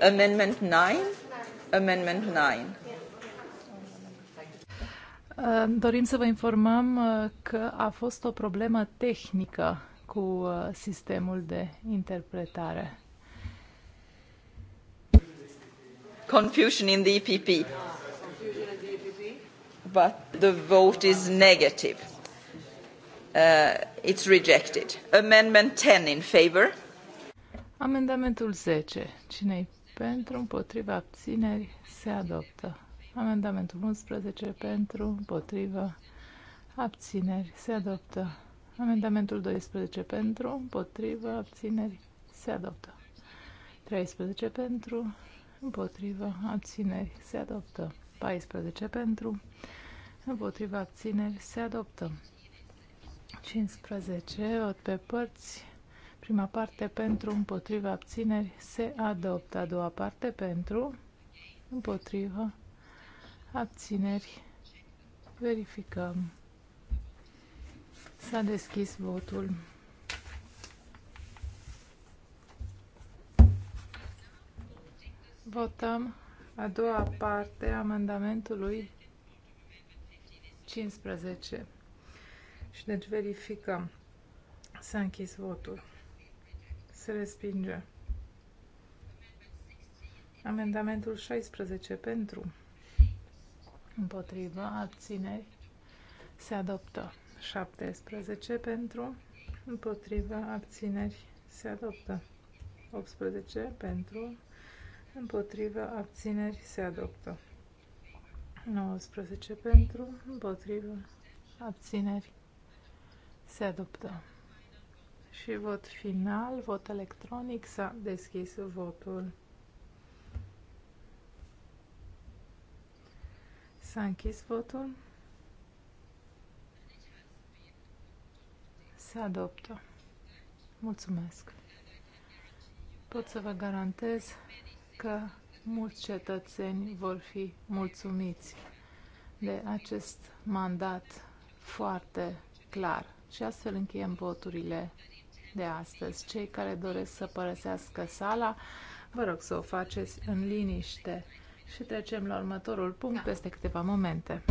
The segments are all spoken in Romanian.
Amendment 9? Amendment 9. Uh, dorim să vă informăm uh, că a fost o problemă tehnică cu uh, sistemul de interpretare. Confusion in the EPP. But the vote is negative. Uh, it's rejected. Amendment 10 in favor Amendamentul 10. cine pentru, împotriva, abțineri, se adoptă. Amendamentul 11. Pentru, împotriva, abțineri, se adoptă. Amendamentul 12. Pentru, împotriva, abțineri, se adoptă. 13. Pentru, împotriva, abțineri, se adoptă. 14. Pentru, împotriva, abțineri, se adoptă. 15. Vot pe părți. Prima parte pentru, împotriva, abțineri se adoptă. A doua parte pentru, împotriva, abțineri. Verificăm. S-a deschis votul. Votăm a doua parte a amendamentului 15. Și deci verificăm. S-a închis votul. Se respinge. Amendamentul 16 pentru. împotriva Abțineri. Se adoptă. 17 pentru. împotriva Abțineri. Se adoptă. 18 pentru. împotriva Abțineri. Se adoptă. 19 pentru. împotriva Abțineri. Se adoptă și vot final, vot electronic, s-a deschis votul. S-a închis votul. Se adoptă. Mulțumesc. Pot să vă garantez că mulți cetățeni vor fi mulțumiți de acest mandat foarte clar. Și astfel încheiem voturile de astăzi. Cei care doresc să părăsească sala, vă rog să o faceți în liniște. Și trecem la următorul punct peste câteva momente.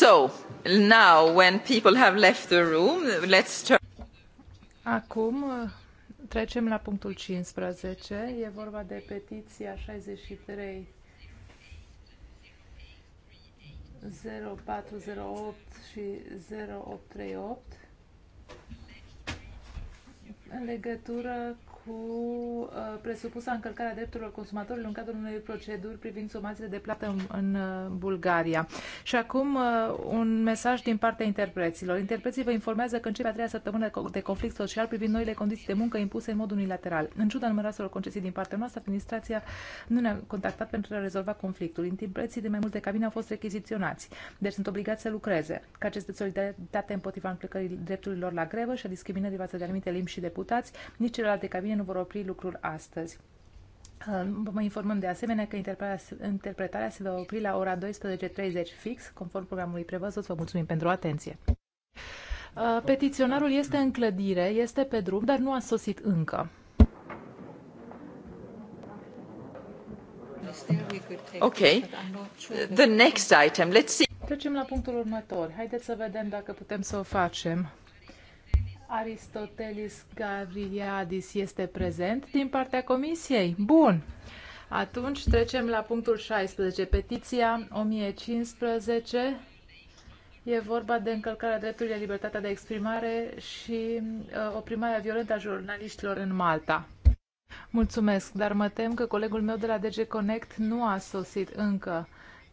So, now when people have left the room, let's turn... Acum uh, trecem la punctul 15. E vorba de petiția 63 0408 și 0838 în legătură cu uh, presupusa încălcarea drepturilor consumatorilor în cadrul unei proceduri privind somațiile de plată în, în uh, Bulgaria. Și acum uh, un mesaj din partea interpreților. Interpreții vă informează că începe a treia săptămână de conflict social privind noile condiții de muncă impuse în mod unilateral. În ciuda numeroaselor concesii din partea noastră, administrația nu ne-a contactat pentru a rezolva conflictul. Interpreții de mai multe cabine au fost rechiziționați, deci sunt obligați să lucreze. Ca acest de solidaritate împotriva încălcării drepturilor la grevă și a discriminării față de anumite limbi și deputați, nici celelalte cabine iunie nu vor opri lucrul astăzi. Vă informăm de asemenea că interpretarea se va opri la ora 12.30 fix, conform programului prevăzut. Vă mulțumim pentru atenție. Uh, petiționarul este în clădire, este pe drum, dar nu a sosit încă. Ok. The next item. Let's see. Trecem la punctul următor. Haideți să vedem dacă putem să o facem. Aristotelis Gavriadis este prezent din partea comisiei. Bun. Atunci trecem la punctul 16, petiția 1015. E vorba de încălcarea drepturilor, la libertatea de exprimare și uh, oprimarea violentă a jurnaliștilor în Malta. Mulțumesc, dar mă tem că colegul meu de la DG Connect nu a sosit încă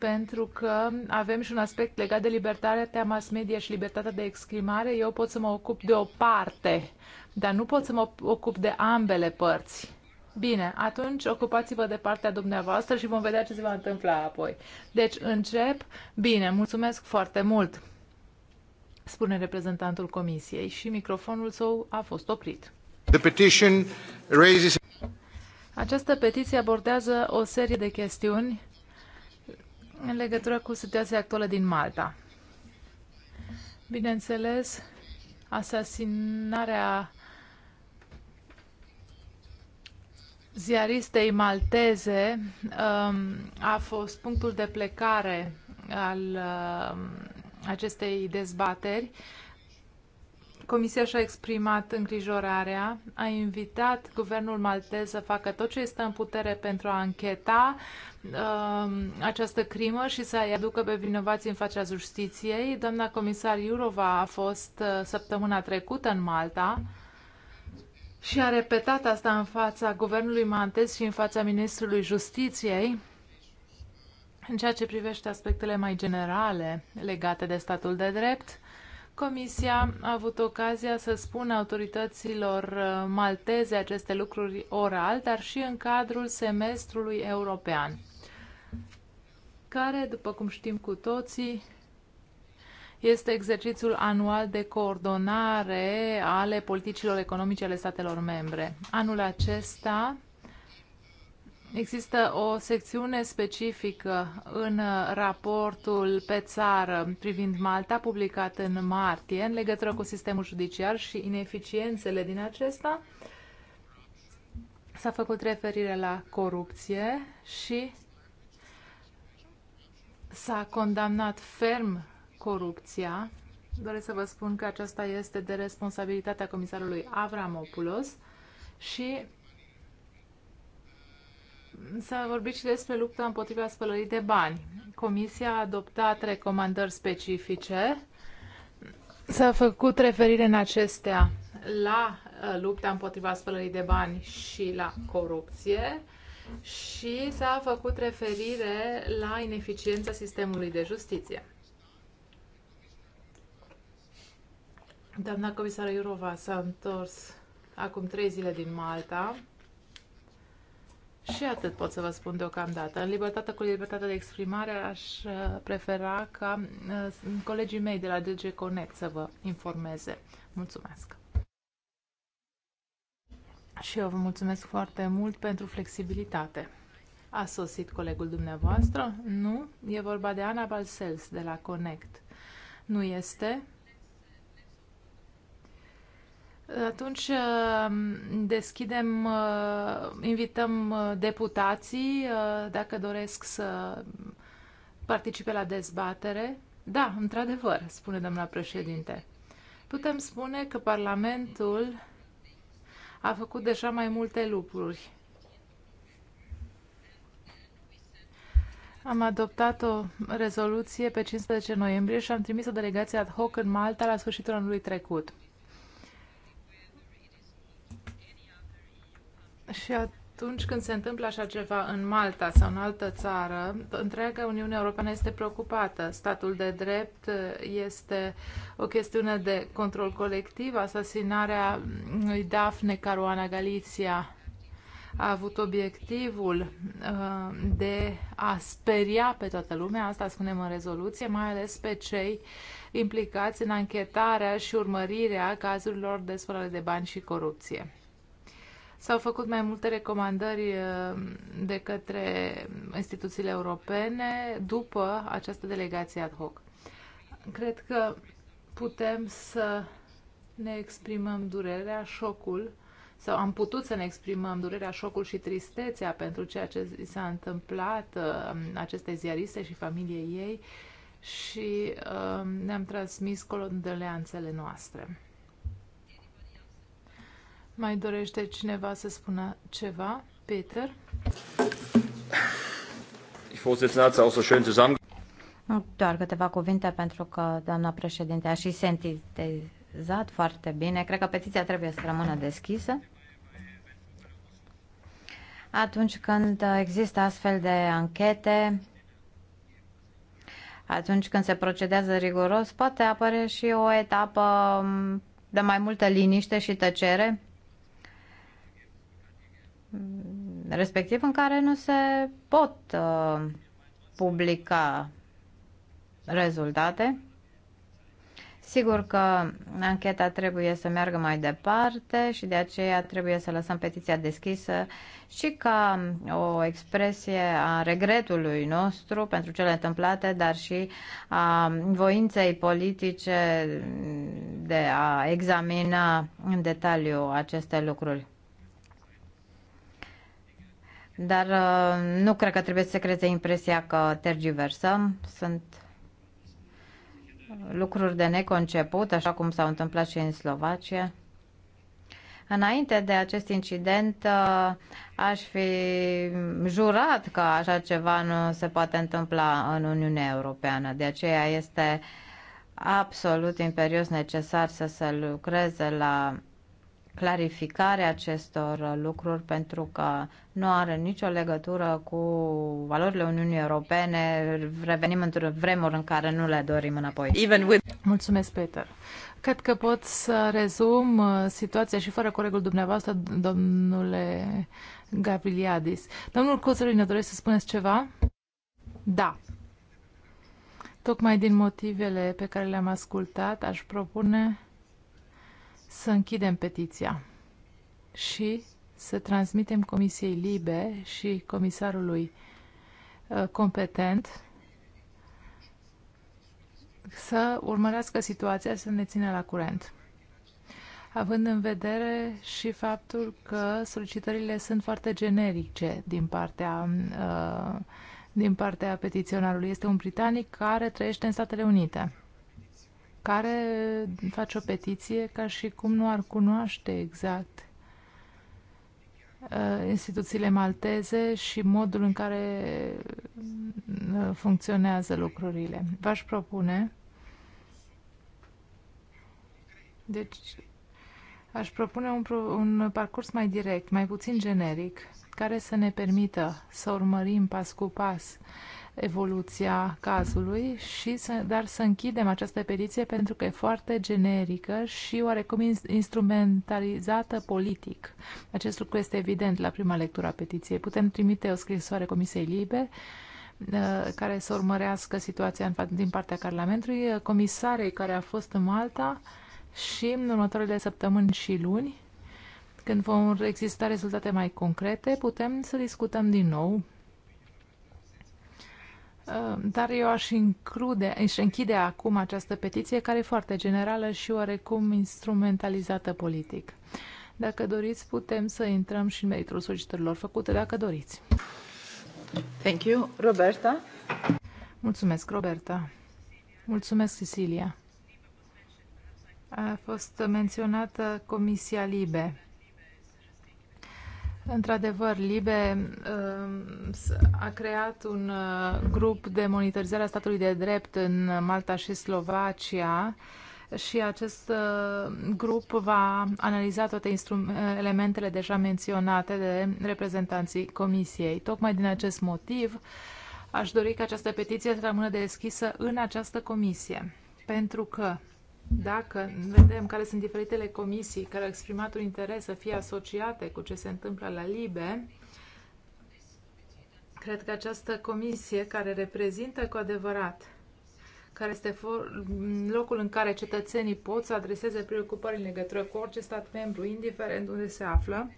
pentru că avem și un aspect legat de libertatea mass media și libertatea de exprimare. Eu pot să mă ocup de o parte, dar nu pot să mă ocup de ambele părți. Bine, atunci ocupați-vă de partea dumneavoastră și vom vedea ce se va întâmpla apoi. Deci încep. Bine, mulțumesc foarte mult, spune reprezentantul comisiei și microfonul său a fost oprit. The petition raises... Această petiție abordează o serie de chestiuni în legătură cu situația actuală din Malta. Bineînțeles, asasinarea ziaristei malteze um, a fost punctul de plecare al um, acestei dezbateri Comisia și-a exprimat îngrijorarea, a invitat guvernul maltez să facă tot ce este în putere pentru a încheta um, această crimă și să-i aducă pe vinovații în fața justiției. Doamna comisar Iurova a fost uh, săptămâna trecută în Malta și a repetat asta în fața guvernului maltez și în fața ministrului justiției. În ceea ce privește aspectele mai generale legate de statul de drept, Comisia a avut ocazia să spună autorităților uh, malteze aceste lucruri oral, dar și în cadrul semestrului european, care, după cum știm cu toții, este exercițiul anual de coordonare ale politicilor economice ale statelor membre. Anul acesta, Există o secțiune specifică în uh, raportul pe țară privind Malta, publicat în martie, în legătură cu sistemul judiciar și ineficiențele din acesta. S-a făcut referire la corupție și s-a condamnat ferm corupția. Doresc să vă spun că aceasta este de responsabilitatea comisarului Avramopoulos și S-a vorbit și despre lupta împotriva spălării de bani. Comisia a adoptat recomandări specifice. S-a făcut referire în acestea la uh, lupta împotriva spălării de bani și la corupție și s-a făcut referire la ineficiența sistemului de justiție. Doamna comisară Iurova s-a întors acum trei zile din Malta și atât pot să vă spun deocamdată. Libertatea cu libertatea de exprimare aș uh, prefera ca uh, colegii mei de la DG Connect să vă informeze. Mulțumesc! Și eu vă mulțumesc foarte mult pentru flexibilitate. A sosit colegul dumneavoastră? Nu? E vorba de Ana Balsels de la Connect. Nu este? Atunci uh, deschidem, uh, invităm uh, deputații dacă doresc să participe la dezbatere. Da, într-adevăr, spune doamna președinte. Putem spune că Parlamentul a făcut deja mai multe lucruri. Am adoptat o rezoluție pe 15 noiembrie și am trimis o delegație ad hoc în Malta la sfârșitul anului trecut. Și atunci când se întâmplă așa ceva în Malta sau în altă țară, întreaga Uniune Europeană este preocupată. Statul de drept este o chestiune de control colectiv. Asasinarea lui Dafne Caruana Galizia a avut obiectivul uh, de a speria pe toată lumea, asta spunem în rezoluție, mai ales pe cei implicați în anchetarea și urmărirea cazurilor de spălare de bani și corupție. S-au făcut mai multe recomandări uh, de către instituțiile europene după această delegație ad hoc. Cred că putem să ne exprimăm durerea, șocul, sau am putut să ne exprimăm durerea, șocul și tristețea pentru ceea ce s-a întâmplat uh, acestei ziariste și familiei ei și uh, ne-am transmis condoleanțele noastre. Mai dorește cineva să spună ceva? Peter? Doar câteva cuvinte pentru că doamna președinte a și sentitezat foarte bine. Cred că petiția trebuie să rămână deschisă. Atunci când există astfel de anchete, atunci când se procedează riguros, poate apare și o etapă de mai multă liniște și tăcere respectiv în care nu se pot uh, publica rezultate. Sigur că ancheta trebuie să meargă mai departe și de aceea trebuie să lăsăm petiția deschisă și ca o expresie a regretului nostru pentru cele întâmplate, dar și a voinței politice de a examina în detaliu aceste lucruri. Dar uh, nu cred că trebuie să creeze impresia că tergiversăm. Sunt lucruri de neconceput, așa cum s-au întâmplat și în Slovacia. Înainte de acest incident, uh, aș fi jurat că așa ceva nu se poate întâmpla în Uniunea Europeană. De aceea este absolut imperios necesar să se lucreze la clarificare acestor lucruri pentru că nu are nicio legătură cu valorile Uniunii Europene. Revenim într-o vremuri în care nu le dorim înapoi. Even with... Mulțumesc, Peter. Cred că pot să rezum uh, situația și fără colegul dumneavoastră, domnule Gabriliadis. Domnul ne doresc să spuneți ceva? Da. Tocmai din motivele pe care le-am ascultat, aș propune să închidem petiția și să transmitem Comisiei Libe și comisarului uh, competent să urmărească situația, să ne țină la curent. Având în vedere și faptul că solicitările sunt foarte generice din partea, uh, din partea petiționarului. Este un britanic care trăiește în Statele Unite care face o petiție ca și cum nu ar cunoaște exact uh, instituțiile malteze și modul în care uh, funcționează lucrurile. V-aș propune deci aș propune un, un parcurs mai direct, mai puțin generic, care să ne permită să urmărim pas cu pas evoluția cazului, și să, dar să închidem această petiție pentru că e foarte generică și oarecum instrumentalizată politic. Acest lucru este evident la prima lectură a petiției. Putem trimite o scrisoare Comisiei Libe uh, care să urmărească situația din partea Parlamentului, uh, comisarei care a fost în Malta și în următoarele săptămâni și luni, când vor exista rezultate mai concrete, putem să discutăm din nou Ehm, dar eu aș, include, aș închide acum această petiție care e foarte generală și oarecum instrumentalizată politic. Dacă doriți, putem să intrăm și în meritul solicitărilor făcute, dacă doriți. Thank you, Roberta. Mulțumesc, Roberta. Mulțumesc, Cecilia. A fost menționată Comisia Libe. Într-adevăr, LIBE uh, a creat un uh, grup de monitorizare a statului de drept în Malta și Slovacia și acest uh, grup va analiza toate elementele deja menționate de reprezentanții Comisiei. Tocmai din acest motiv aș dori ca această petiție să rămână deschisă în această comisie, pentru că dacă vedem care sunt diferitele comisii care au exprimat un interes să fie asociate cu ce se întâmplă la LIBE, cred că această comisie care reprezintă cu adevărat care este locul în care cetățenii pot să adreseze preocupări în legătură cu orice stat membru, indiferent unde se află,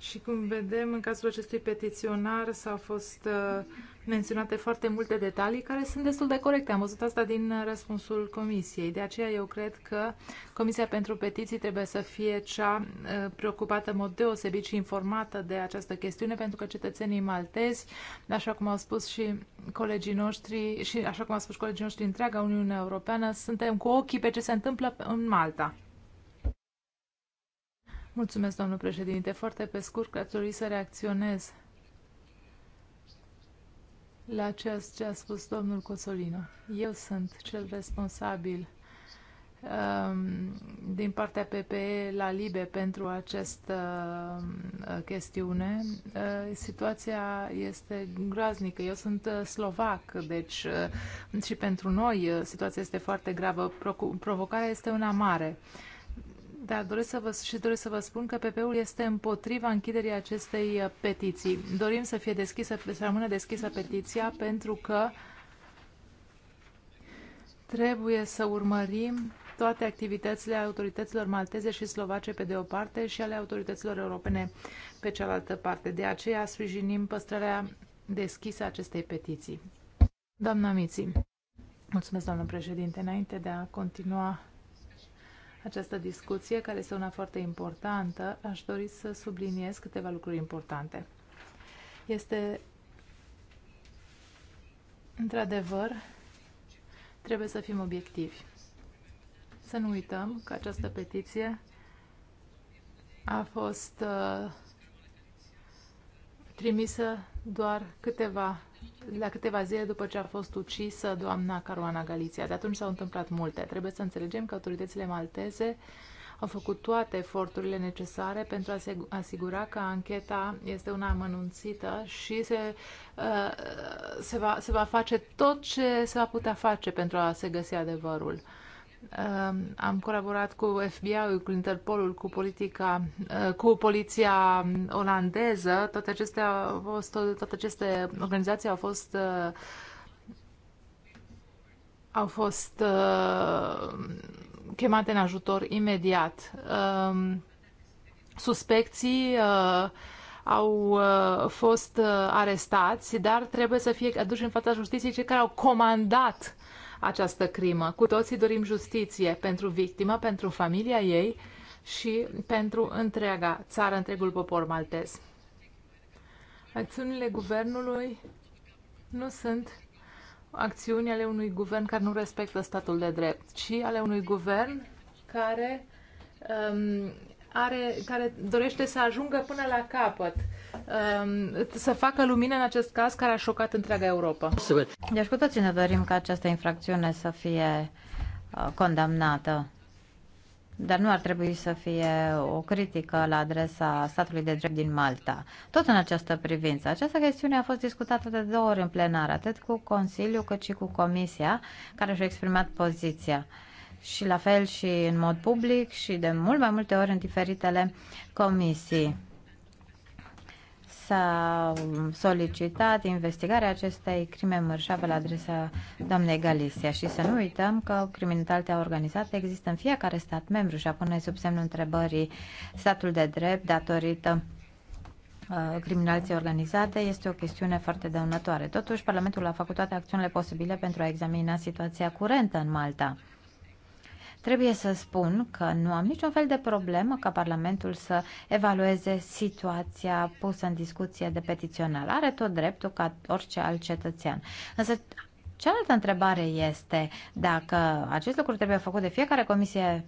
Și cum vedem, în cazul acestui petiționar s-au fost uh, menționate foarte multe detalii care sunt destul de corecte. Am văzut asta din uh, răspunsul comisiei. De aceea eu cred că Comisia pentru Petiții trebuie să fie cea uh, preocupată în mod deosebit și informată de această chestiune, pentru că cetățenii maltezi, așa cum au spus și colegii noștri, și așa cum au spus colegii noștri întreaga Uniunea Europeană, suntem cu ochii pe ce se întâmplă în Malta. Mulțumesc, domnul președinte. Foarte pe scurt, că ați dori să reacționez la ceea ce a spus domnul Cosolino. Eu sunt cel responsabil um, din partea PPE la LIBE pentru această uh, chestiune. Uh, situația este groaznică. Eu sunt uh, slovac, deci și pentru noi situația este foarte gravă. Provocarea este una mare. Da, doresc să vă, și doresc să vă spun că PP-ul este împotriva închiderii acestei uh, petiții. Dorim să fie deschisă, să rămână deschisă petiția pentru că trebuie să urmărim toate activitățile autorităților malteze și slovace pe de o parte și ale autorităților europene pe cealaltă parte. De aceea sprijinim păstrarea deschisă a acestei petiții. Doamna Miții. Mulțumesc, doamnă președinte. Înainte de a continua această discuție, care este una foarte importantă, aș dori să subliniez câteva lucruri importante. Este, într-adevăr, trebuie să fim obiectivi. Să nu uităm că această petiție a fost uh, trimisă doar câteva, la câteva zile după ce a fost ucisă doamna Caruana Galiția. De atunci s-au întâmplat multe. Trebuie să înțelegem că autoritățile malteze au făcut toate eforturile necesare pentru a se asigura că ancheta este una amănunțită și se, uh, se, va, se va face tot ce se va putea face pentru a se găsi adevărul. Um, am colaborat cu FBI-ul, cu Interpolul, cu, politica, uh, cu poliția olandeză. Toate acestea au fost, toate aceste organizații au fost uh, au fost uh, chemate în ajutor imediat. Um, suspecții au fost arestați, dar trebuie să fie aduși în fața justiției cei care au comandat această crimă. Cu toții dorim justiție pentru victimă, pentru familia ei și pentru întreaga țară, întregul popor maltez. Acțiunile guvernului nu sunt acțiuni ale unui guvern care nu respectă statul de drept, ci ale unui guvern care, um, are, care dorește să ajungă până la capăt Um, să facă lumină în acest caz care a șocat întreaga Europa. Deci cu toții ne dorim ca această infracțiune să fie uh, condamnată. Dar nu ar trebui să fie o critică la adresa statului de drept din Malta. Tot în această privință, această chestiune a fost discutată de două ori în plenar, atât cu Consiliul cât și cu Comisia, care și-a exprimat poziția și la fel și în mod public și de mult mai multe ori în diferitele comisii s-a solicitat investigarea acestei crime mărșave la adresa doamnei Galicia și să nu uităm că criminalitatea organizată există în fiecare stat membru și a pune sub semnul întrebării statul de drept datorită uh, criminalității organizate este o chestiune foarte dăunătoare. Totuși, Parlamentul a făcut toate acțiunile posibile pentru a examina situația curentă în Malta. Trebuie să spun că nu am niciun fel de problemă ca Parlamentul să evalueze situația pusă în discuție de petițional. Are tot dreptul ca orice alt cetățean. Însă cealaltă întrebare este dacă acest lucru trebuie făcut de fiecare comisie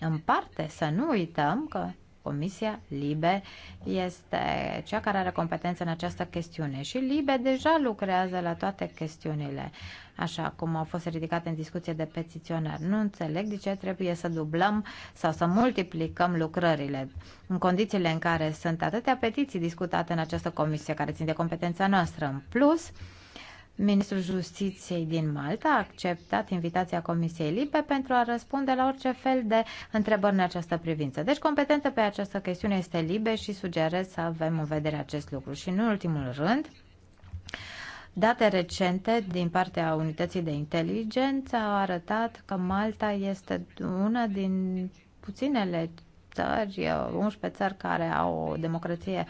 în parte, să nu uităm că Comisia LIBE este cea care are competență în această chestiune și LIBE deja lucrează la toate chestiunile, așa cum au fost ridicate în discuție de petiționar. Nu înțeleg de ce trebuie să dublăm sau să multiplicăm lucrările în condițiile în care sunt atâtea petiții discutate în această comisie care țin de competența noastră. În plus, Ministrul Justiției din Malta a acceptat invitația Comisiei Libe pentru a răspunde la orice fel de întrebări în această privință. Deci, competentă pe această chestiune este Libe și sugerez să avem în vedere acest lucru. Și, în ultimul rând, Date recente din partea unității de inteligență au arătat că Malta este una din puținele țări, 11 țări care au o democrație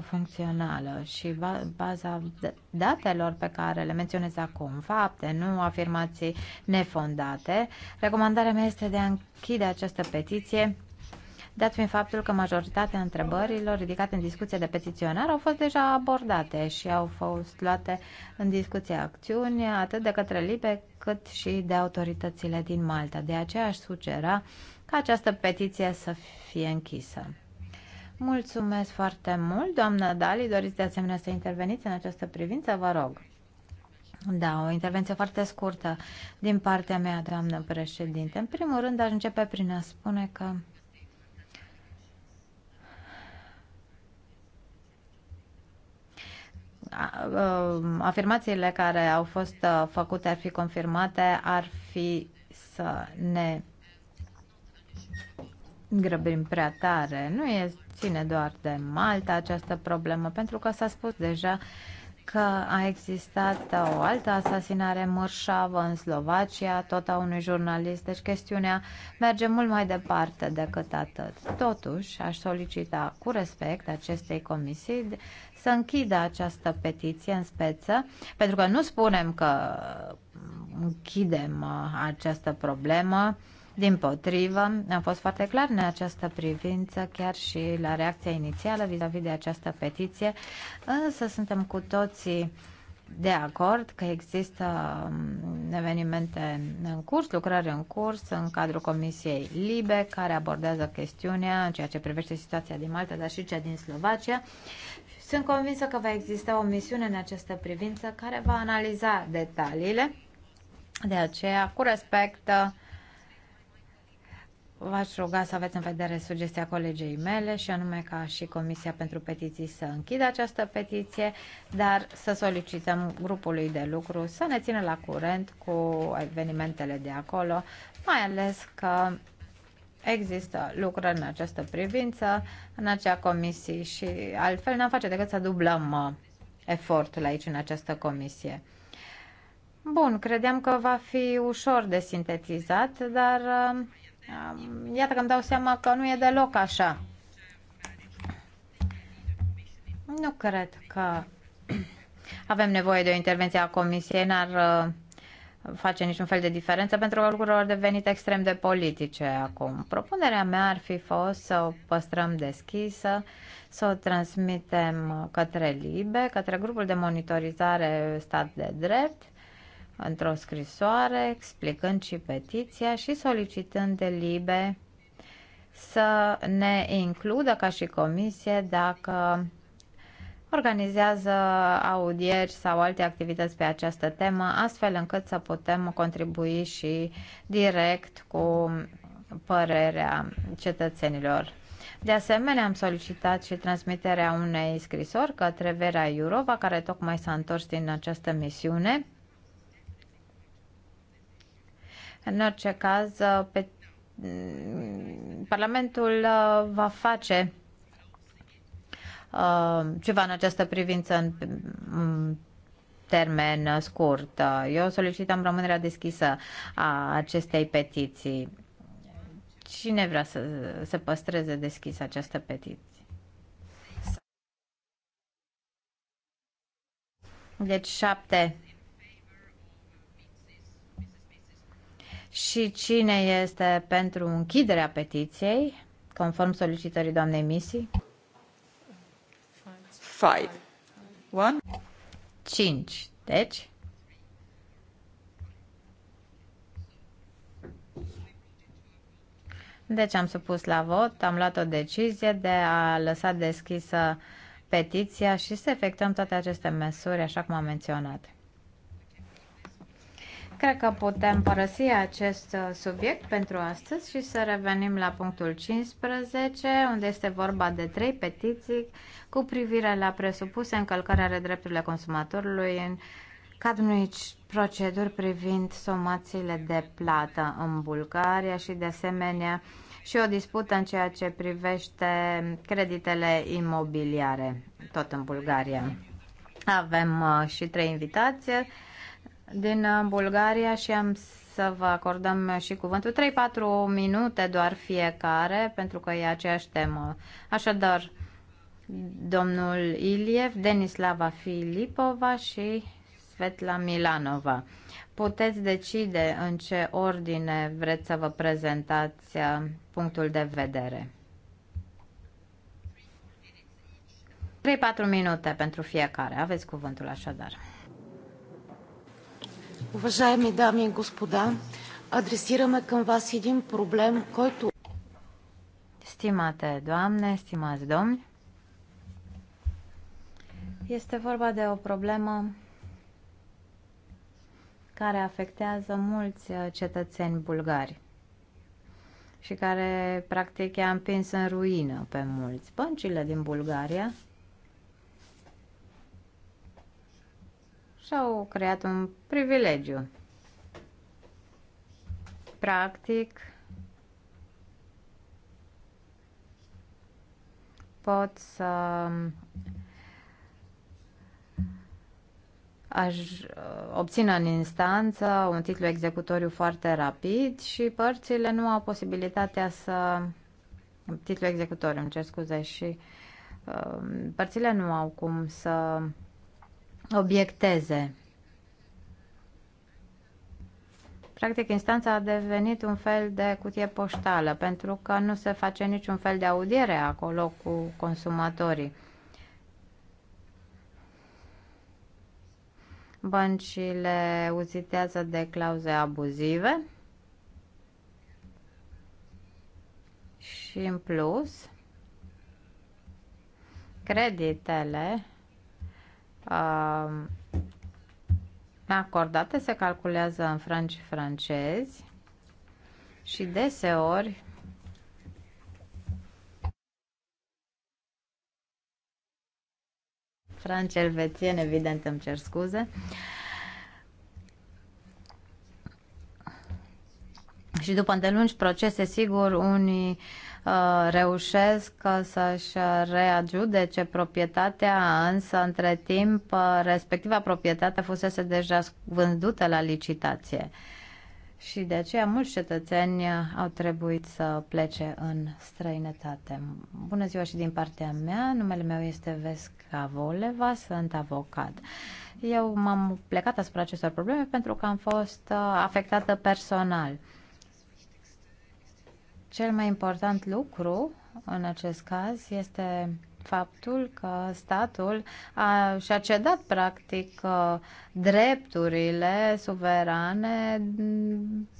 funcțională și baza datelor pe care le menționez acum, fapte, nu afirmații nefondate, recomandarea mea este de a închide această petiție dat fiind faptul că majoritatea întrebărilor ridicate în discuție de petiționar au fost deja abordate și au fost luate în discuție acțiuni atât de către LIBE cât și de autoritățile din Malta. De aceea aș sugera ca această petiție să fie închisă. Mulțumesc foarte mult, doamna Dali. Doriți de asemenea să interveniți în această privință? Vă rog. Da, o intervenție foarte scurtă din partea mea, doamnă președinte. În primul rând, aș începe prin a spune că afirmațiile care au fost uh, făcute ar fi confirmate, ar fi să ne grăbim prea tare. Nu e, ține doar de Malta această problemă, pentru că s-a spus deja că a existat o altă asasinare mărșavă în Slovacia, tot a unui jurnalist, deci chestiunea merge mult mai departe decât atât. Totuși, aș solicita cu respect acestei comisii să închidă această petiție în speță, pentru că nu spunem că închidem uh, această problemă, din potrivă, am fost foarte clar în această privință, chiar și la reacția inițială vis-a-vis -vis de această petiție, însă suntem cu toții de acord că există um, evenimente în curs, lucrări în curs în cadrul Comisiei Libe care abordează chestiunea în ceea ce privește situația din Malta, dar și cea din Slovacia. Sunt convinsă că va exista o misiune în această privință care va analiza detaliile. De aceea, cu respect, v-aș ruga să aveți în vedere sugestia colegei mele și anume ca și Comisia pentru Petiții să închidă această petiție, dar să solicităm grupului de lucru să ne țină la curent cu evenimentele de acolo, mai ales că există lucruri în această privință, în acea comisie și altfel n-am face decât să dublăm uh, efortul aici în această comisie. Bun, credeam că va fi ușor de sintetizat, dar uh, Iată că îmi dau seama că nu e deloc așa. Nu cred că avem nevoie de o intervenție a Comisiei, n-ar uh, face niciun fel de diferență pentru că lucrurile au devenit extrem de politice acum. Propunerea mea ar fi fost să o păstrăm deschisă, să o transmitem către LIBE, către grupul de monitorizare stat de drept într-o scrisoare explicând și petiția și solicitând de libe să ne includă ca și comisie dacă organizează audieri sau alte activități pe această temă, astfel încât să putem contribui și direct cu părerea cetățenilor. De asemenea, am solicitat și transmiterea unei scrisori către Vera Iurova, care tocmai s-a întors din această misiune, În orice caz, pe, mm, Parlamentul uh, va face uh, ceva în această privință în, termen scurt. Eu solicităm rămânerea deschisă a acestei petiții. Cine vrea să se păstreze deschisă această petiție? Deci șapte. Și cine este pentru închiderea petiției, conform solicitării doamnei Misi? 5. 1. 5. Deci. Deci am supus la vot, am luat o decizie de a lăsa deschisă petiția și să efectuăm toate aceste măsuri, așa cum am menționat. Cred că putem părăsi acest uh, subiect pentru astăzi și să revenim la punctul 15, unde este vorba de trei petiții cu privire la presupuse încălcări ale drepturile consumatorului în cadrul unui proceduri privind somațiile de plată în Bulgaria și de asemenea și o dispută în ceea ce privește creditele imobiliare, tot în Bulgaria. Avem uh, și trei invitații din uh, Bulgaria și am să vă acordăm și cuvântul 3-4 minute doar fiecare, pentru că e aceeași temă. Așadar, domnul Iliev, Denislava Filipova și Svetla Milanova. Puteți decide în ce ordine vreți să vă prezentați uh, punctul de vedere. 3-4 minute pentru fiecare. Aveți cuvântul așadar. Уважаеми дами и господа, adresirăm към вас един проблем, който... Stimate doamne, stimați domni, este vorba de o problemă care afectează mulți uh, cetățeni bulgari și care practic i-a împins în ruină pe mulți. Băncile din Bulgaria și-au creat un privilegiu. Practic, pot să aș uh, obțină în instanță un titlu executoriu foarte rapid și părțile nu au posibilitatea să titlu executoriu, îmi cer scuze, și uh, părțile nu au cum să obiecteze. Practic, instanța a devenit un fel de cutie poștală, pentru că nu se face niciun fel de audiere acolo cu consumatorii. Băncile uzitează de clauze abuzive și, în plus, creditele Um, acordate se calculează în franci francezi și deseori franci elvețieni, evident îmi cer scuze. Și după îndelungi procese, sigur, unii uh, Uh, reușesc să-și readjudece proprietatea, însă între timp uh, respectiva proprietate fusese deja vândută la licitație. Și de aceea mulți cetățeni au trebuit să plece în străinătate. Bună ziua și din partea mea, numele meu este Vesca Voleva, sunt avocat. Eu m-am plecat asupra acestor probleme pentru că am fost uh, afectată personal. Cel mai important lucru în acest caz este faptul că statul a, și-a cedat practic uh, drepturile suverane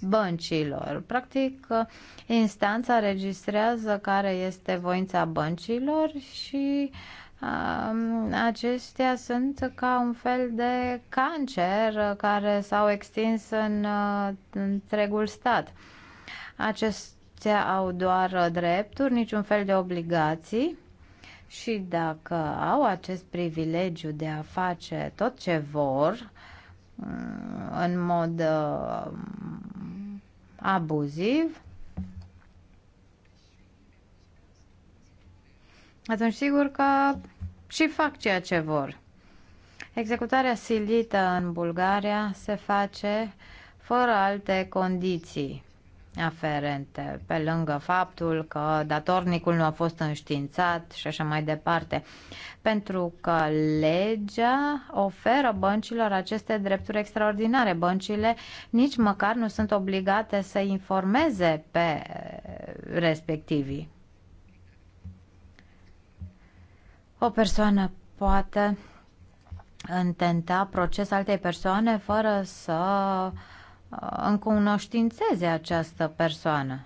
băncilor. Practic, uh, instanța registrează care este voința băncilor și a, um, acestea sunt ca un fel de cancer care s-au extins în uh, întregul stat. Acest corupția au doar uh, drepturi, niciun fel de obligații și dacă au acest privilegiu de a face tot ce vor mm, în mod uh, abuziv, atunci sigur că și fac ceea ce vor. Executarea silită în Bulgaria se face fără alte condiții aferente, pe lângă faptul că datornicul nu a fost înștiințat și așa mai departe, pentru că legea oferă băncilor aceste drepturi extraordinare. Băncile nici măcar nu sunt obligate să informeze pe respectivii. O persoană poate intenta proces altei persoane fără să uh, Uh, încunoștințeze această persoană.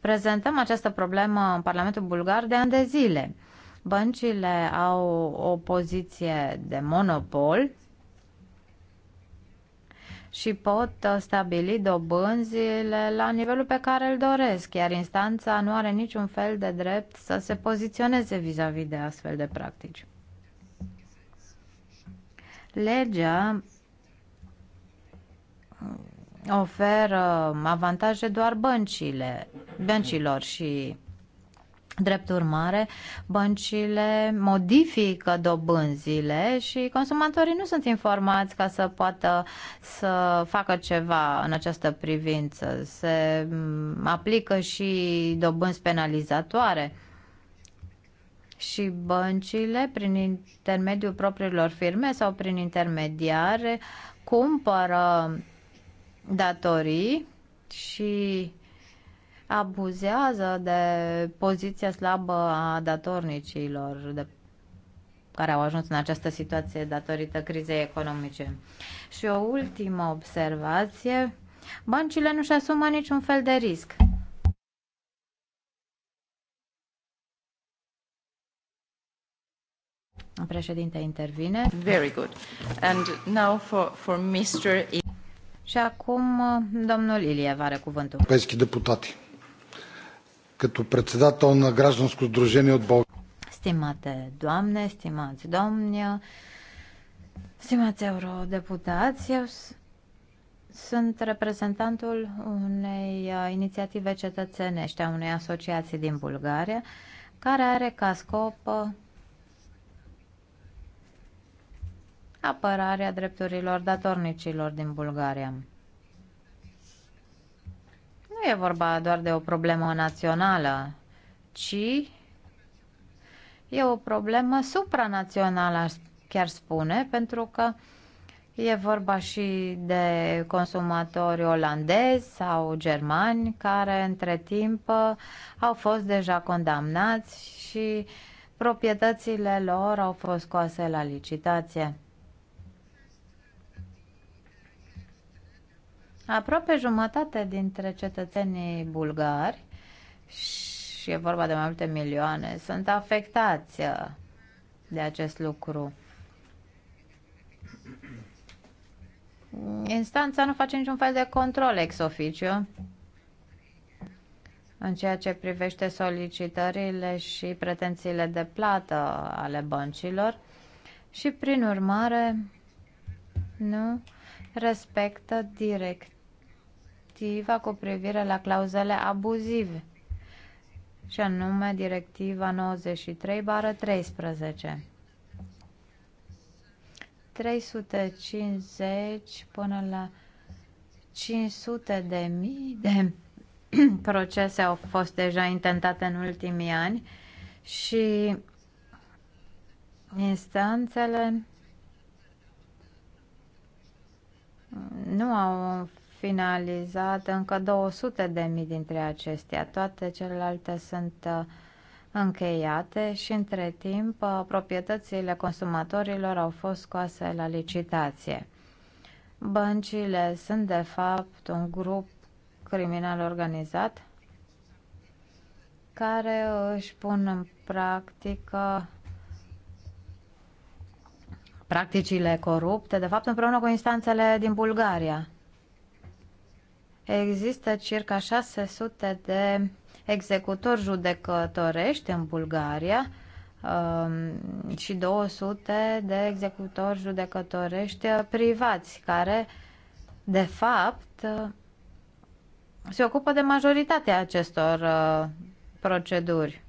Prezentăm această problemă în Parlamentul Bulgar de ani de zile. Băncile au o poziție de monopol și pot uh, stabili dobânzile la nivelul pe care îl doresc, iar instanța nu are niciun fel de drept să se poziționeze vis-a-vis -vis de astfel de practici. Legea oferă avantaje doar băncile, băncilor și Drept urmare, băncile modifică dobânzile și consumatorii nu sunt informați ca să poată să facă ceva în această privință. Se mm, aplică și dobânzi penalizatoare. Și băncile, prin intermediul propriilor firme sau prin intermediare, cumpără datorii și abuzează de poziția slabă a datornicilor de care au ajuns în această situație datorită crizei economice. Și o ultimă observație, băncile nu-și asumă niciun fel de risc. Președinte intervine. Very good. And now for, for Mr. Și acum uh, domnul Iliev are cuvântul. Peschi deputati, като председател на гражданско сдружение от България. Stimate doamne, stimați domni, stimați eurodeputați, sunt reprezentantul unei uh, inițiative cetățenești a unei asociații din Bulgaria care are ca scop uh, apărarea drepturilor datornicilor din Bulgaria. Nu e vorba doar de o problemă națională, ci e o problemă supranațională, chiar spune, pentru că e vorba și de consumatori olandezi sau germani care între timp au fost deja condamnați și proprietățile lor au fost scoase la licitație. Aproape jumătate dintre cetățenii bulgari, și e vorba de mai multe milioane, sunt afectați uh, de acest lucru. Instanța nu face niciun fel de control ex officio în ceea ce privește solicitările și pretențiile de plată ale băncilor și, prin urmare, nu respectă direct directiva cu privire la clauzele abuzive, și anume directiva 93-13. 350 până la 500 de mii de procese au fost deja intentate în ultimii ani și instanțele nu au finalizat încă 200 de mii dintre acestea. Toate celelalte sunt uh, încheiate și între timp uh, proprietățile consumatorilor au fost scoase la licitație. Băncile sunt de fapt un grup criminal organizat care își pun în practică practicile corupte, de fapt împreună cu instanțele din Bulgaria. Există circa 600 de executori judecătorești în Bulgaria um, și 200 de executori judecătorești uh, privați, care, de fapt, uh, se ocupă de majoritatea acestor uh, proceduri.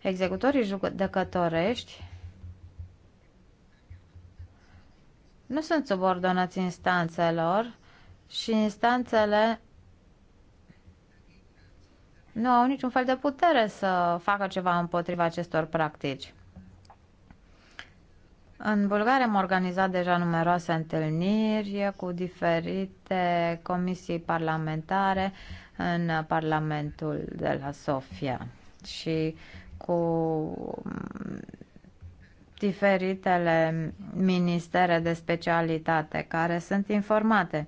Executorii judecătorești nu sunt subordonați instanțelor, și instanțele nu au niciun fel de putere să facă ceva împotriva acestor practici. În Bulgaria am organizat deja numeroase întâlniri cu diferite comisii parlamentare în Parlamentul de la Sofia și cu diferitele ministere de specialitate care sunt informate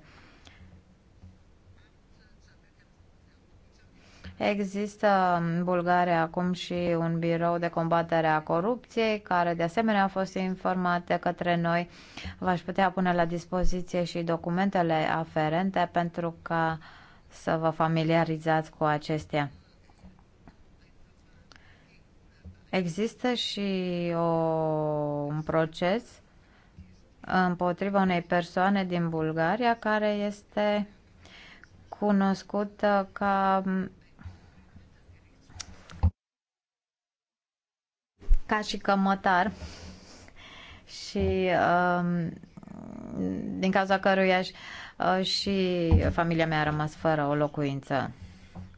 Există în Bulgaria acum și un birou de combatere a corupției, care de asemenea a fost informat de către noi. V-aș putea pune la dispoziție și documentele aferente pentru ca să vă familiarizați cu acestea. Există și o, un proces împotriva unei persoane din Bulgaria care este cunoscută ca ca și cămătar și um, din cauza căruia și, uh, și familia mea a rămas fără o locuință.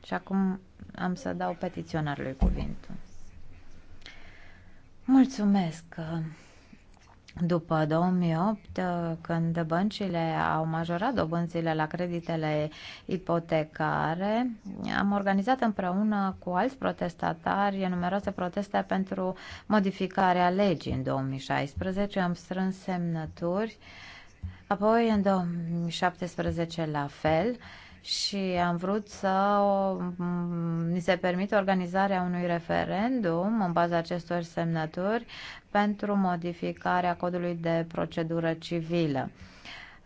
Și acum am să dau petiționarului cuvintul. Mulțumesc! Uh, după 2008, când băncile au majorat dobânzile la creditele ipotecare, am organizat împreună cu alți protestatari numeroase proteste pentru modificarea legii în 2016. Am strâns semnături, apoi în 2017 la fel și am vrut să ni se permită organizarea unui referendum în baza acestor semnături pentru modificarea codului de procedură civilă.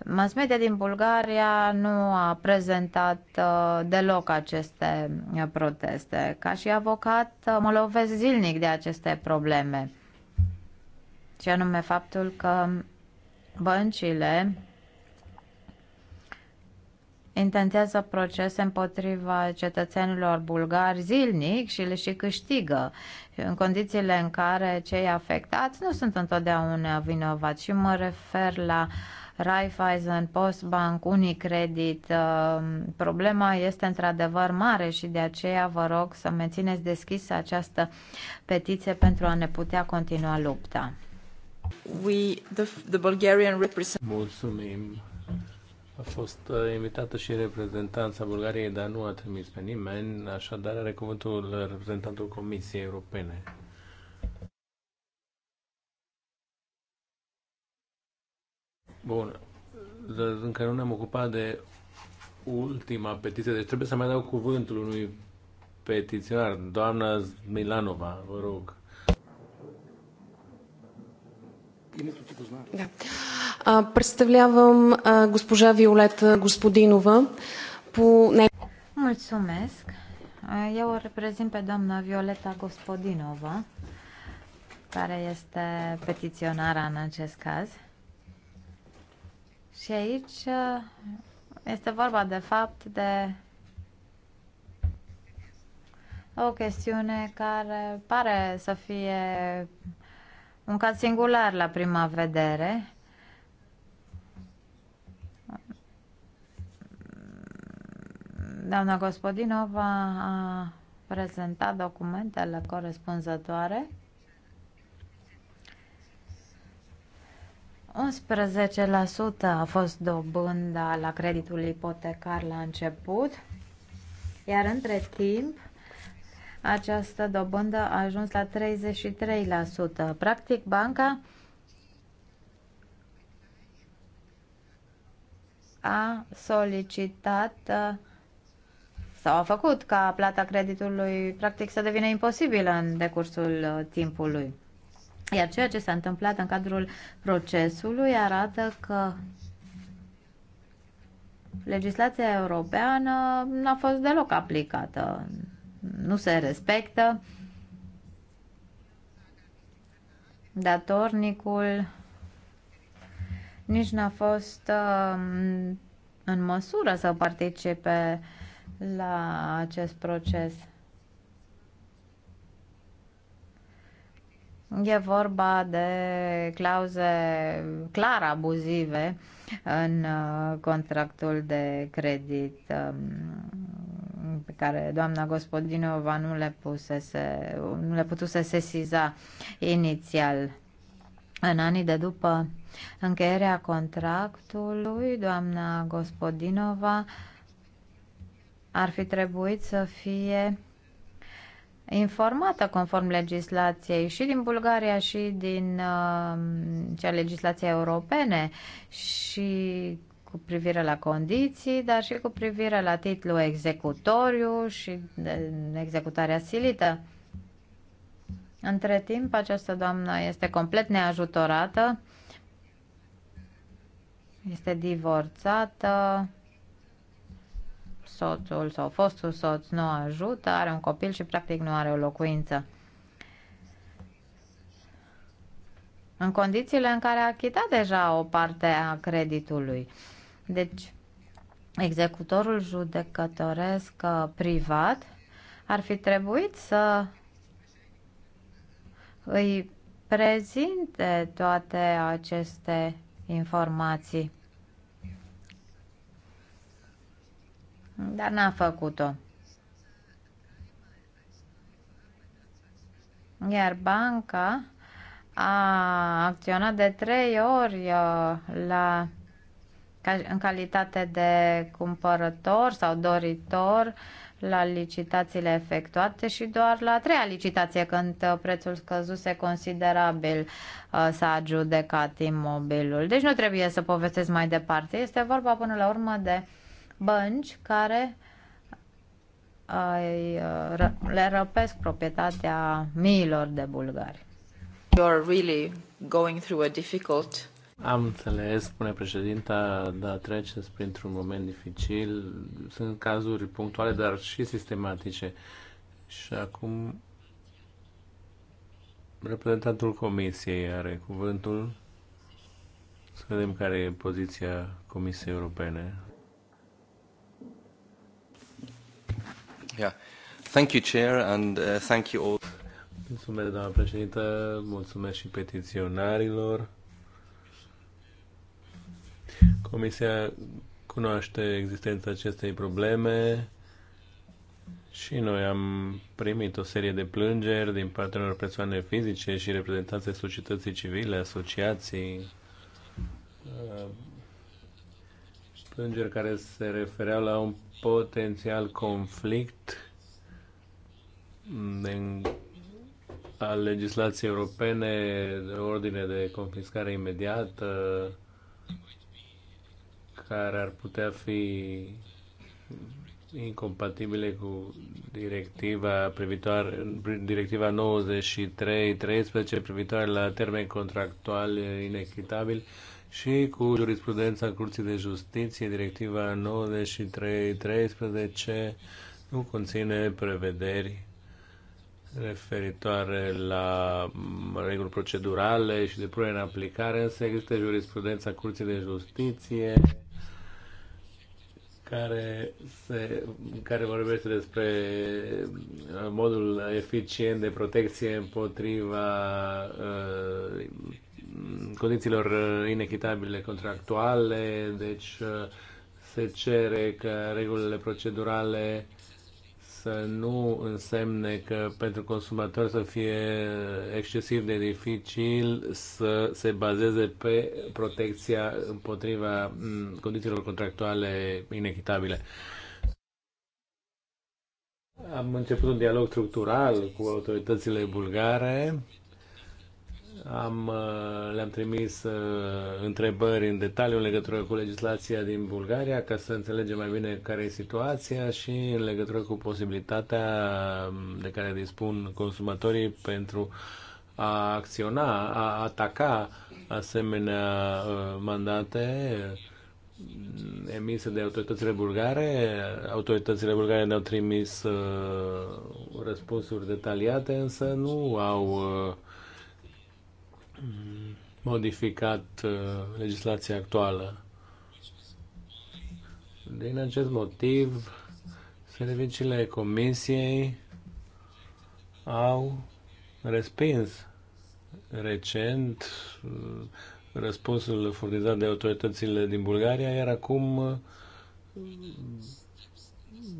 Mass media din Bulgaria nu a prezentat uh, deloc aceste uh, proteste. Ca și avocat, uh, mă lovesc zilnic de aceste probleme. Și anume faptul că băncile intentează procese împotriva cetățenilor bulgari zilnic și le și câștigă în condițiile în care cei afectați nu sunt întotdeauna vinovați și mă refer la Raiffeisen, Postbank, Unicredit. Uh, problema este într-adevăr mare și de aceea vă rog să mențineți deschisă această petiție pentru a ne putea continua lupta. We, the, the Bulgarian represent- Mulțumim. A fost uh, invitată și reprezentanța Bulgariei, dar nu a trimis pe nimeni, așadar are cuvântul uh, reprezentantul Comisiei Europene. Bun. Încă nu ne-am ocupat de ultima petiție, deci trebuie să mai dau cuvântul unui petiționar, doamna Milanova, vă rog. Da. Представлявам госпожа Виолета Господинова по... Mulțumesc! Eu o reprezint pe doamna Violeta Gospodinova, care este petiționara în acest caz. Și aici este vorba de fapt de o chestiune care pare să fie un caz singular la prima vedere, Doamna Gospodinova a prezentat documentele corespunzătoare. 11% a fost dobânda la creditul ipotecar la început, iar între timp această dobândă a ajuns la 33%. Practic, banca a solicitat uh, sau a făcut ca plata creditului practic să devină imposibilă în decursul uh, timpului. Iar ceea ce s-a întâmplat în cadrul procesului arată că legislația europeană n-a fost deloc aplicată, nu se respectă. Datornicul nici n-a fost uh, în măsură să participe uh, la acest proces. E vorba de clauze clar abuzive în uh, contractul de credit um, pe care doamna Gospodinova nu le, pusese, nu le putuse sesiza inițial. În anii de după încheierea contractului, doamna Gospodinova ar fi trebuit să fie informată conform legislației și din Bulgaria și din uh, cea legislație europene și cu privire la condiții, dar și cu privire la titlul executoriu și executarea silită. Între timp, această doamnă este complet neajutorată, este divorțată, soțul sau fostul soț nu ajută, are un copil și practic nu are o locuință. În condițiile în care a achitat deja o parte a creditului. Deci, executorul judecătoresc uh, privat ar fi trebuit să îi prezinte toate aceste informații. dar n-a făcut-o. Iar banca a acționat de trei ori uh, la, în calitate de cumpărător sau doritor la licitațiile efectuate și doar la a treia licitație când uh, prețul scăzuse considerabil uh, s-a adjudecat imobilul. Deci nu trebuie să povestesc mai departe. Este vorba până la urmă de bănci care ai, le răpesc proprietatea miilor de bulgari. You are really going through a difficult am înțeles, spune președinta, da, treceți printr-un moment dificil. Sunt cazuri punctuale, dar și sistematice. Și acum reprezentantul comisiei are cuvântul. Să vedem care e poziția Comisiei Europene. Thank you, Chair, and uh, thank you all. Mulțumesc, doamna președintă, mulțumesc și petiționarilor. Comisia cunoaște existența acestei probleme și noi am primit o serie de plângeri din partea unor persoane fizice și reprezentanțe societății civile, asociații, uh, plângeri care se refereau la un potențial conflict de, a legislației europene de ordine de confiscare imediată care ar putea fi incompatibile cu directiva privitoare, directiva 93-13 privitoare la termeni contractuali inechitabili și cu jurisprudența Curții de Justiție, directiva 93-13 nu conține prevederi referitoare la mm, reguli procedurale și de punere în aplicare, însă există jurisprudența Curții de Justiție care, se, care vorbește despre mm, modul eficient de protecție împotriva uh, condițiilor inechitabile contractuale, deci uh, se cere că regulile procedurale uh, să nu însemne că pentru consumator să fie excesiv de dificil să se bazeze pe protecția împotriva mm, condițiilor contractuale inechitabile. Am început un dialog structural cu autoritățile bulgare am, uh, le-am trimis uh, întrebări în detaliu în legătură cu legislația din Bulgaria ca să înțelegem mai bine care e situația și în legătură cu posibilitatea um, de care dispun consumatorii pentru a acționa, a ataca asemenea uh, mandate emise de autoritățile bulgare. Autoritățile bulgare ne-au trimis răspunsuri detaliate, însă nu au uh, modificat uh, legislația actuală. Din acest motiv, serviciile Comisiei au respins recent uh, răspunsul furnizat de autoritățile din Bulgaria, iar acum uh,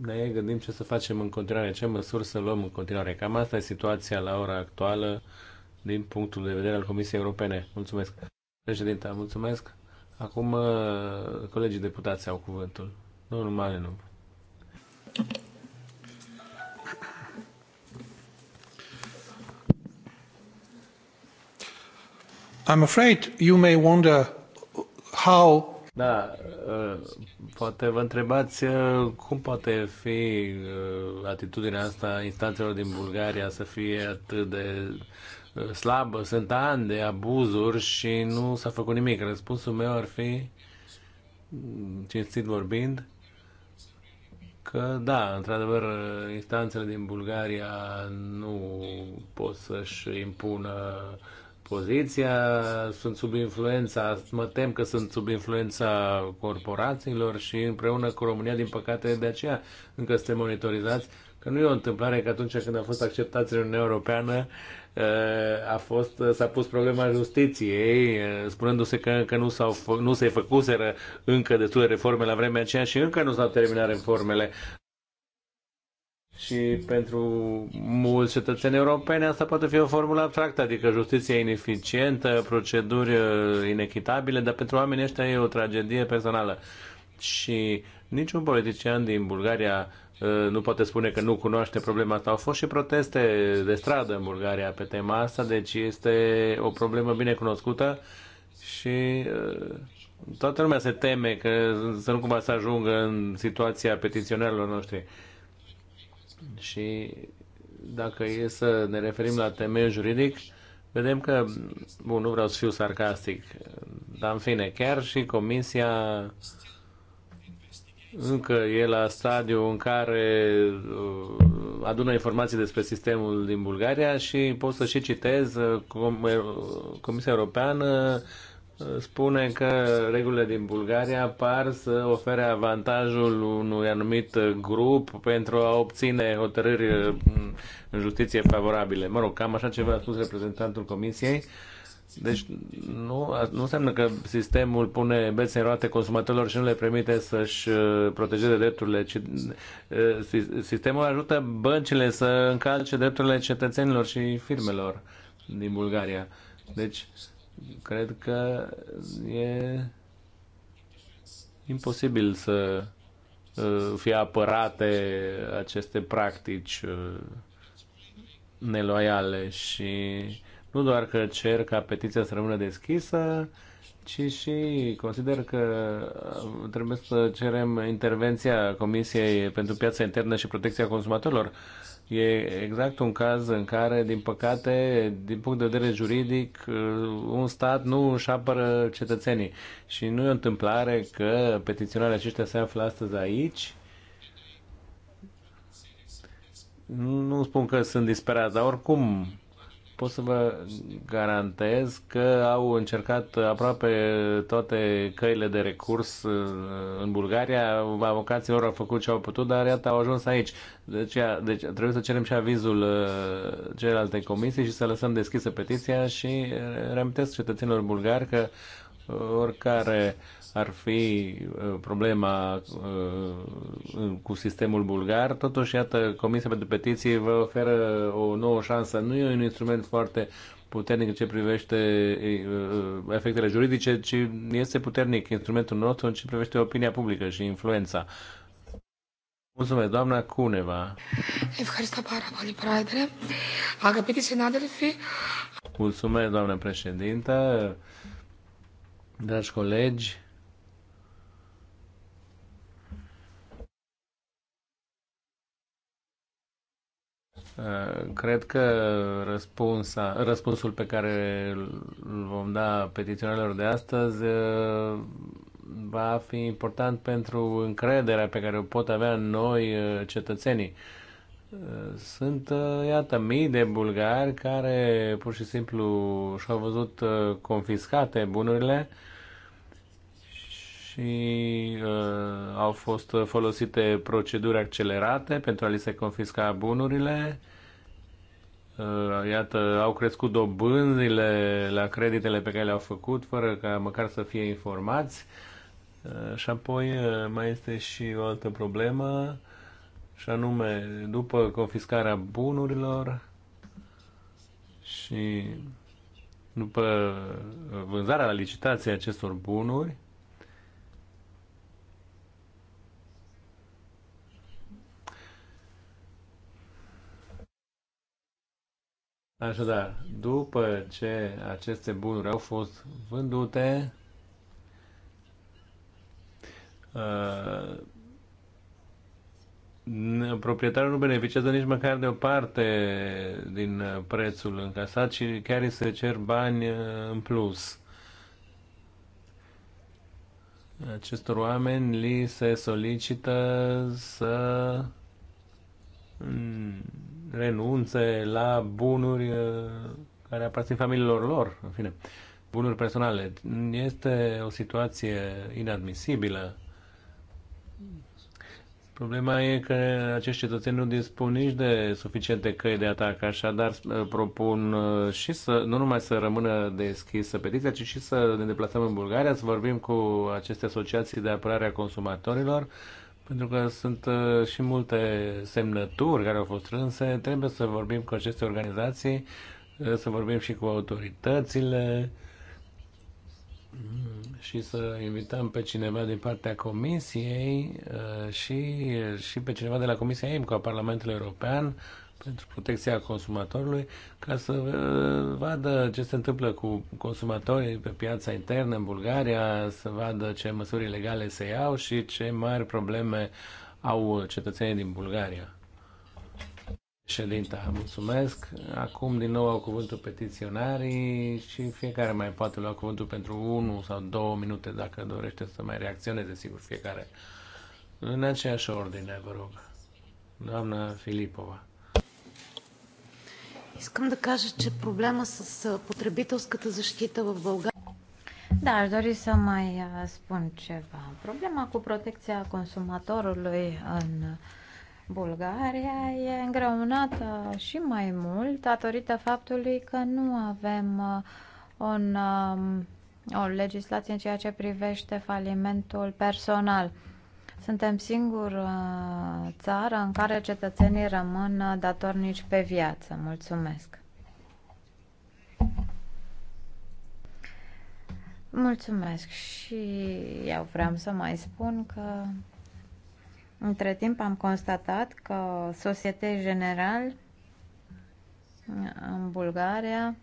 ne gândim ce să facem în continuare, ce măsuri să luăm în continuare. Cam asta e situația la ora actuală din punctul de vedere al Comisiei Europene. Mulțumesc. Președinte, mulțumesc. Acum uh, colegii deputați au cuvântul. Domnul Mare nu. I'm afraid you may wonder how da, uh, poate vă întrebați uh, cum poate fi atitudinea asta instanțelor din Bulgaria să fie atât de slabă, sunt ani de abuzuri și nu s-a făcut nimic. Răspunsul meu ar fi, cinstit vorbind, că da, într-adevăr, instanțele din Bulgaria nu pot să-și impună poziția, sunt sub influența, mă tem că sunt sub influența corporațiilor și împreună cu România, din păcate, de aceea încă suntem monitorizați, că nu e o întâmplare că atunci când a fost acceptați în Uniunea Europeană, uh, Eh, a fost, s-a pus problema justiției, eh, spunându-se că, că nu, s-au, nu se făcuseră încă destule reforme la vremea aceea și încă nu s-au terminat reformele. Și pentru mulți cetățeni europeni asta poate fi o formulă abstractă, adică justiția ineficientă, proceduri eh, inechitabile, dar pentru oamenii ăștia e o tragedie personală. Și niciun politician din Bulgaria Eh, nu poate spune că nu cunoaște problema asta. Au fost și proteste de stradă în Bulgaria pe tema asta, deci este o problemă bine cunoscută și eh, toată lumea se teme că să nu cumva să ajungă în situația petiționarilor noștri. Și dacă e să ne referim la temeiul juridic, vedem că, bun, nu vreau să fiu sarcastic, dar în fine, chiar și Comisia uh, încă e la stadiu în care uh, adună informații despre sistemul din Bulgaria și pot să și citez uh, uh, Comisia Europeană spune că regulile din Bulgaria par să ofere avantajul unui anumit grup pentru a obține hotărâri în justiție favorabile. Mă rog, cam așa ceva a spus reprezentantul Comisiei. Uh, deci nu, nu înseamnă că sistemul pune bețe în roate consumatorilor și nu le permite să-și uh, protejeze drepturile, ci uh, sistemul ajută băncile să încalce drepturile cetățenilor și firmelor din Bulgaria. Deci, cred că e imposibil să uh, fie apărate aceste practici neloiale și nu doar că cer ca petiția să rămână deschisă, ci și consider că uh, trebuie să cerem intervenția Comisiei pentru Piața Internă și Protecția Consumatorilor. E exact un caz în care, din păcate, din punct de vedere juridic, uh, un stat nu își apără cetățenii. Și nu e o întâmplare că petiționarea aceștia se află astăzi aici. Nu spun că sunt disperați, dar oricum pot să vă garantez că au încercat aproape toate căile de recurs uh, în Bulgaria. Avocații lor au făcut ce au putut, dar iată au ajuns aici. Deci, deci trebuie să cerem și avizul uh, celelalte comisii și să lăsăm deschisă petiția și uh, reamintesc cetățenilor bulgari că oricare uh, ar fi uh, problema uh, cu sistemul bulgar, totuși, iată, Comisia pentru Petiții vă oferă o nouă șansă. Nu e un instrument foarte puternic în ce privește uh, efectele juridice, ci este puternic instrumentul nostru în ce privește opinia publică și influența. Mulțumesc, doamna Cuneva. Ευχαριστώ πάρα πολύ, Πρόεδρε. Αγαπητοί Mulțumesc, doamna președintă. Dragi colegi, Uh, cred că răspunsa, răspunsul pe care îl vom da petiționarilor de astăzi uh, va fi important pentru încrederea pe care o pot avea noi uh, cetățenii. Sunt, iată, mii de bulgari care pur și simplu și-au văzut confiscate bunurile și uh, au fost folosite proceduri accelerate pentru a li se confisca bunurile. Uh, iată, au crescut dobânzile la creditele pe care le-au făcut, fără ca măcar să fie informați. Uh, și apoi uh, mai este și o altă problemă, și anume, după confiscarea bunurilor și după vânzarea la licitație acestor bunuri, Așadar, după ce aceste bunuri au fost vândute, uh, proprietarul nu beneficiază nici măcar de o parte din prețul încasat ci chiar îi se cer bani uh, în plus. Acestor oameni li se solicită să mm, renunțe la bunuri uh, care aparțin familiilor lor, în fine, bunuri personale. Este o situație inadmisibilă. Problema e că acești cetățeni nu dispun nici de suficiente căi de atac, așadar uh, propun uh, și să, nu numai să rămână deschisă petiția, ci și să ne deplasăm în Bulgaria, să vorbim cu aceste asociații de apărare a consumatorilor, pentru că sunt uh, și multe semnături care au fost strânse, trebuie să vorbim cu aceste organizații, uh, să vorbim și cu autoritățile mm, și să invităm pe cineva din partea Comisiei uh, și, și pe cineva de la Comisia EMCO a Parlamentului European pentru protecția consumatorului ca să uh, vadă ce se întâmplă cu consumatorii pe piața internă în Bulgaria, să vadă ce măsuri legale se iau și ce mari probleme au cetățenii din Bulgaria. Ședinta, mulțumesc. Acum din nou au cuvântul petiționarii și fiecare mai poate lua cuvântul pentru unu sau două minute dacă dorește să mai reacționeze, sigur, fiecare. În aceeași ordine, vă rog. Doamna Filipova. Искам да кажа, че проблема с потребителската защита в България. Da, aș dori să mai spun ceva. Problema cu protecția consumatorului în Bulgaria e îngreunată și mai mult datorită faptului că nu avem un, o legislație în ceea ce privește falimentul personal. Suntem singura uh, țară în care cetățenii rămân uh, datornici pe viață. Mulțumesc! Mulțumesc și eu vreau să mai spun că între timp am constatat că Societe General uh, în Bulgaria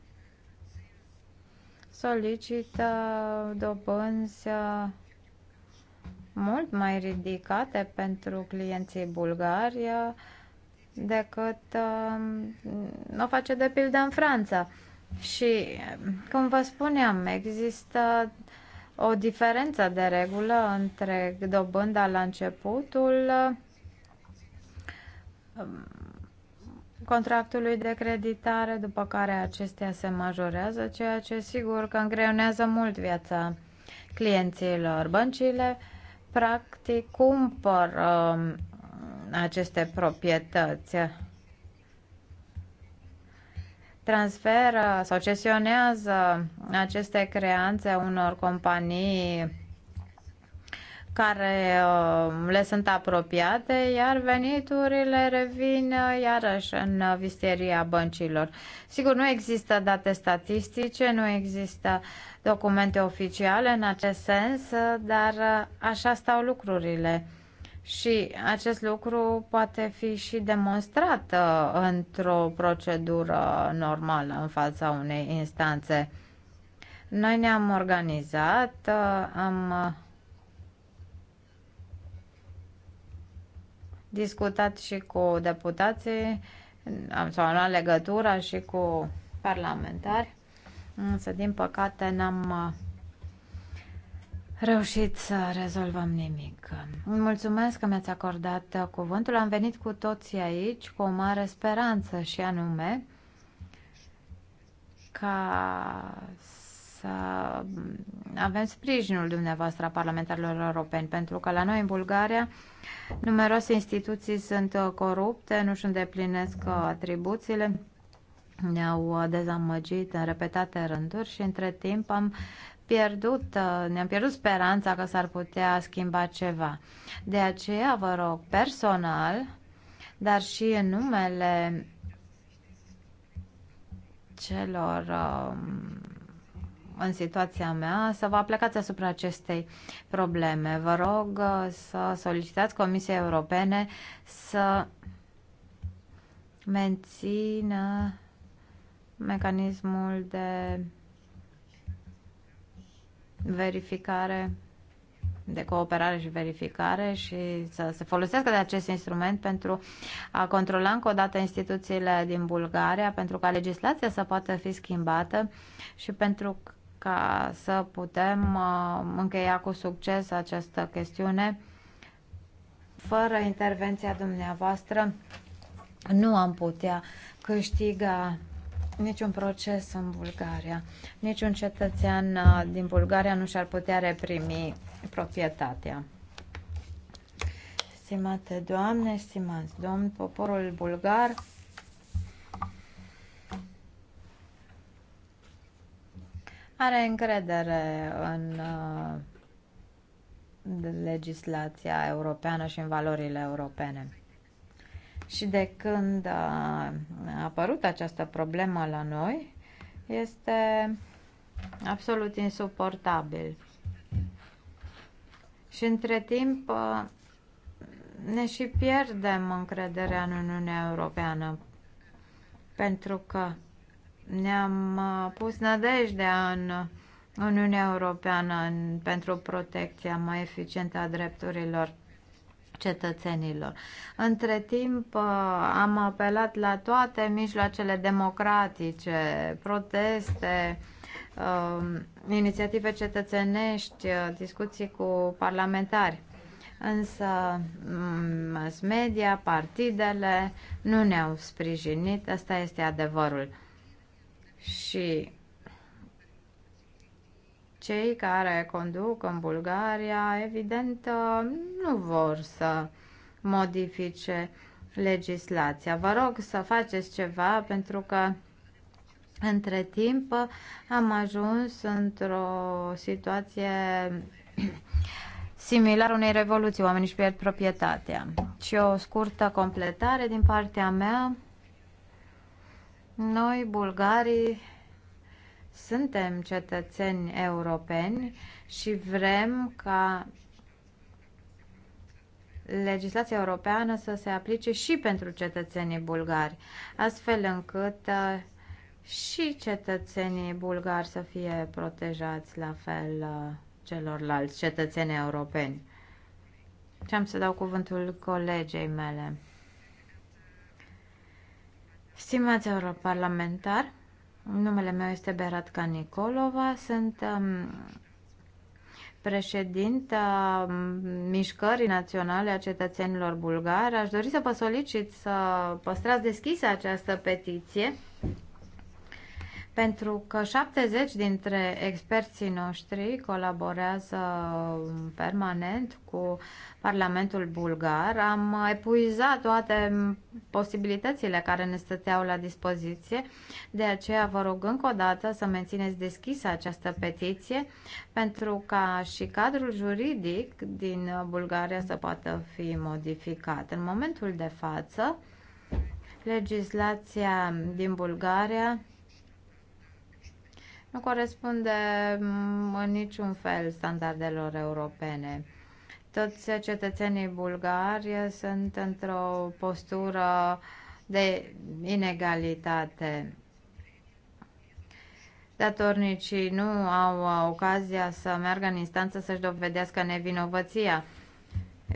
solicită dobânzi mult mai ridicate pentru clienții bulgari uh, decât uh, o face de pildă în Franța. Și, uh, cum vă spuneam, există o diferență de regulă între dobânda la începutul um, contractului de creditare, după care acestea se majorează, ceea ce sigur că îngreunează mult viața clienților. Băncile uh, practic cumpără um, aceste proprietăți transferă sau cesionează aceste creanțe unor companii care uh, le sunt apropiate, iar veniturile revin uh, iarăși în uh, visteria băncilor. Sigur, nu există date statistice, nu există documente oficiale în acest sens, dar așa stau lucrurile. Și acest lucru poate fi și demonstrat într-o procedură normală în fața unei instanțe. Noi ne-am organizat, am discutat și cu deputații, am, sau am luat legătura și cu parlamentari, însă din păcate n-am uh, reușit să rezolvăm nimic. Mulțumesc că mi-ați acordat uh, cuvântul. Am venit cu toții aici cu o mare speranță și anume ca să mm, avem sprijinul dumneavoastră a parlamentarilor europeni, pentru că la noi în Bulgaria numeroase instituții sunt uh, corupte, nu își îndeplinesc uh, atribuțiile, ne-au uh, dezamăgit în repetate rânduri și între timp am pierdut, ne-am pierdut speranța că s-ar putea schimba ceva. De aceea vă rog personal, dar și în numele celor uh, în situația mea să vă aplicați asupra acestei probleme. Vă rog uh, să solicitați Comisiei Europene să mențină mecanismul de verificare de cooperare și verificare și să se folosească de acest instrument pentru a controla încă o dată instituțiile din Bulgaria, pentru ca legislația să poată fi schimbată și pentru ca să putem uh, încheia cu succes această chestiune. Fără intervenția dumneavoastră nu am putea câștiga niciun proces în Bulgaria. Niciun cetățean uh, din Bulgaria nu și-ar putea reprimi proprietatea. Stimate doamne, stimați domn, poporul bulgar are încredere în uh, legislația europeană și în valorile europene. Și de când uh, a apărut această problemă la noi, este absolut insuportabil. Și între timp uh, ne și pierdem încrederea în Uniunea Europeană, pentru că ne-am uh, pus nădejdea în Uniunea Europeană în, pentru protecția mai eficientă a drepturilor cetățenilor. Între timp uh, am apelat la toate mijloacele democratice, proteste, uh, inițiative cetățenești, discuții cu parlamentari. Însă mm, mass media, partidele nu ne-au sprijinit, asta este adevărul și cei care conduc în Bulgaria, evident, nu vor să modifice legislația. Vă rog să faceți ceva pentru că între timp am ajuns într-o situație similar unei revoluții. Oamenii își pierd proprietatea. Și o scurtă completare din partea mea. Noi, bulgarii, suntem cetățeni europeni și vrem ca legislația europeană să se aplice și pentru cetățenii bulgari, astfel încât uh, și cetățenii bulgari să fie protejați la fel uh, celorlalți cetățeni europeni. Ce am să dau cuvântul colegei mele. Stimați europarlamentar, numele meu este Beratca Nicolova, sunt um, președinta um, Mișcării Naționale a Cetățenilor Bulgari. Aș dori să vă solicit să păstrați deschisă această petiție pentru că 70 dintre experții noștri colaborează um, permanent cu Parlamentul Bulgar. Am epuizat toate um, posibilitățile care ne stăteau la dispoziție, de aceea vă rog încă o dată să mențineți deschisă această petiție pentru ca și cadrul juridic din Bulgaria să poată fi modificat. În momentul de față, legislația din Bulgaria nu corespunde mm, în niciun fel standardelor europene. Toți cetățenii bulgari sunt într-o postură de inegalitate datornicii nu au ocazia să meargă în instanță să-și dovedească nevinovăția.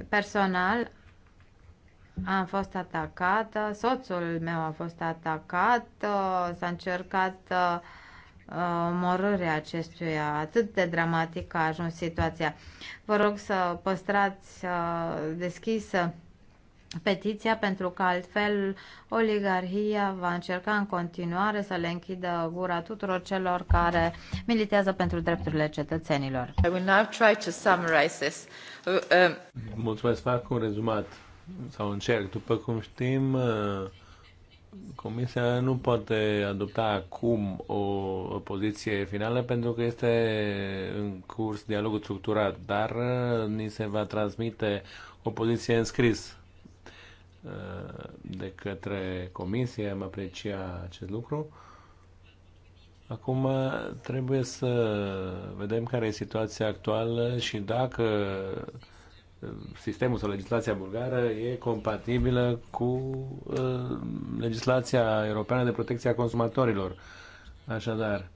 Personal, am fost atacată, soțul meu a fost atacat, s-a încercat uh, omorârea acestuia atât de dramatică a ajuns situația. Vă rog să păstrați uh, deschisă uh, petiția pentru că altfel oligarhia va încerca în continuare să le închidă gura tuturor celor care militează pentru drepturile cetățenilor. I will now try to summarize this. Uh, um, Mulțumesc, fac un rezumat sau încerc. După cum știm, Comisia nu poate adopta acum o poziție finală pentru că este în curs dialogul structurat, dar uh, ni se va transmite o poziție în scris uh, de către Comisie, am aprecia acest lucru. Acum uh, trebuie să vedem care e situația actuală și dacă sistemul sau legislația bulgară e compatibilă cu uh, legislația europeană de protecție a consumatorilor. Așadar,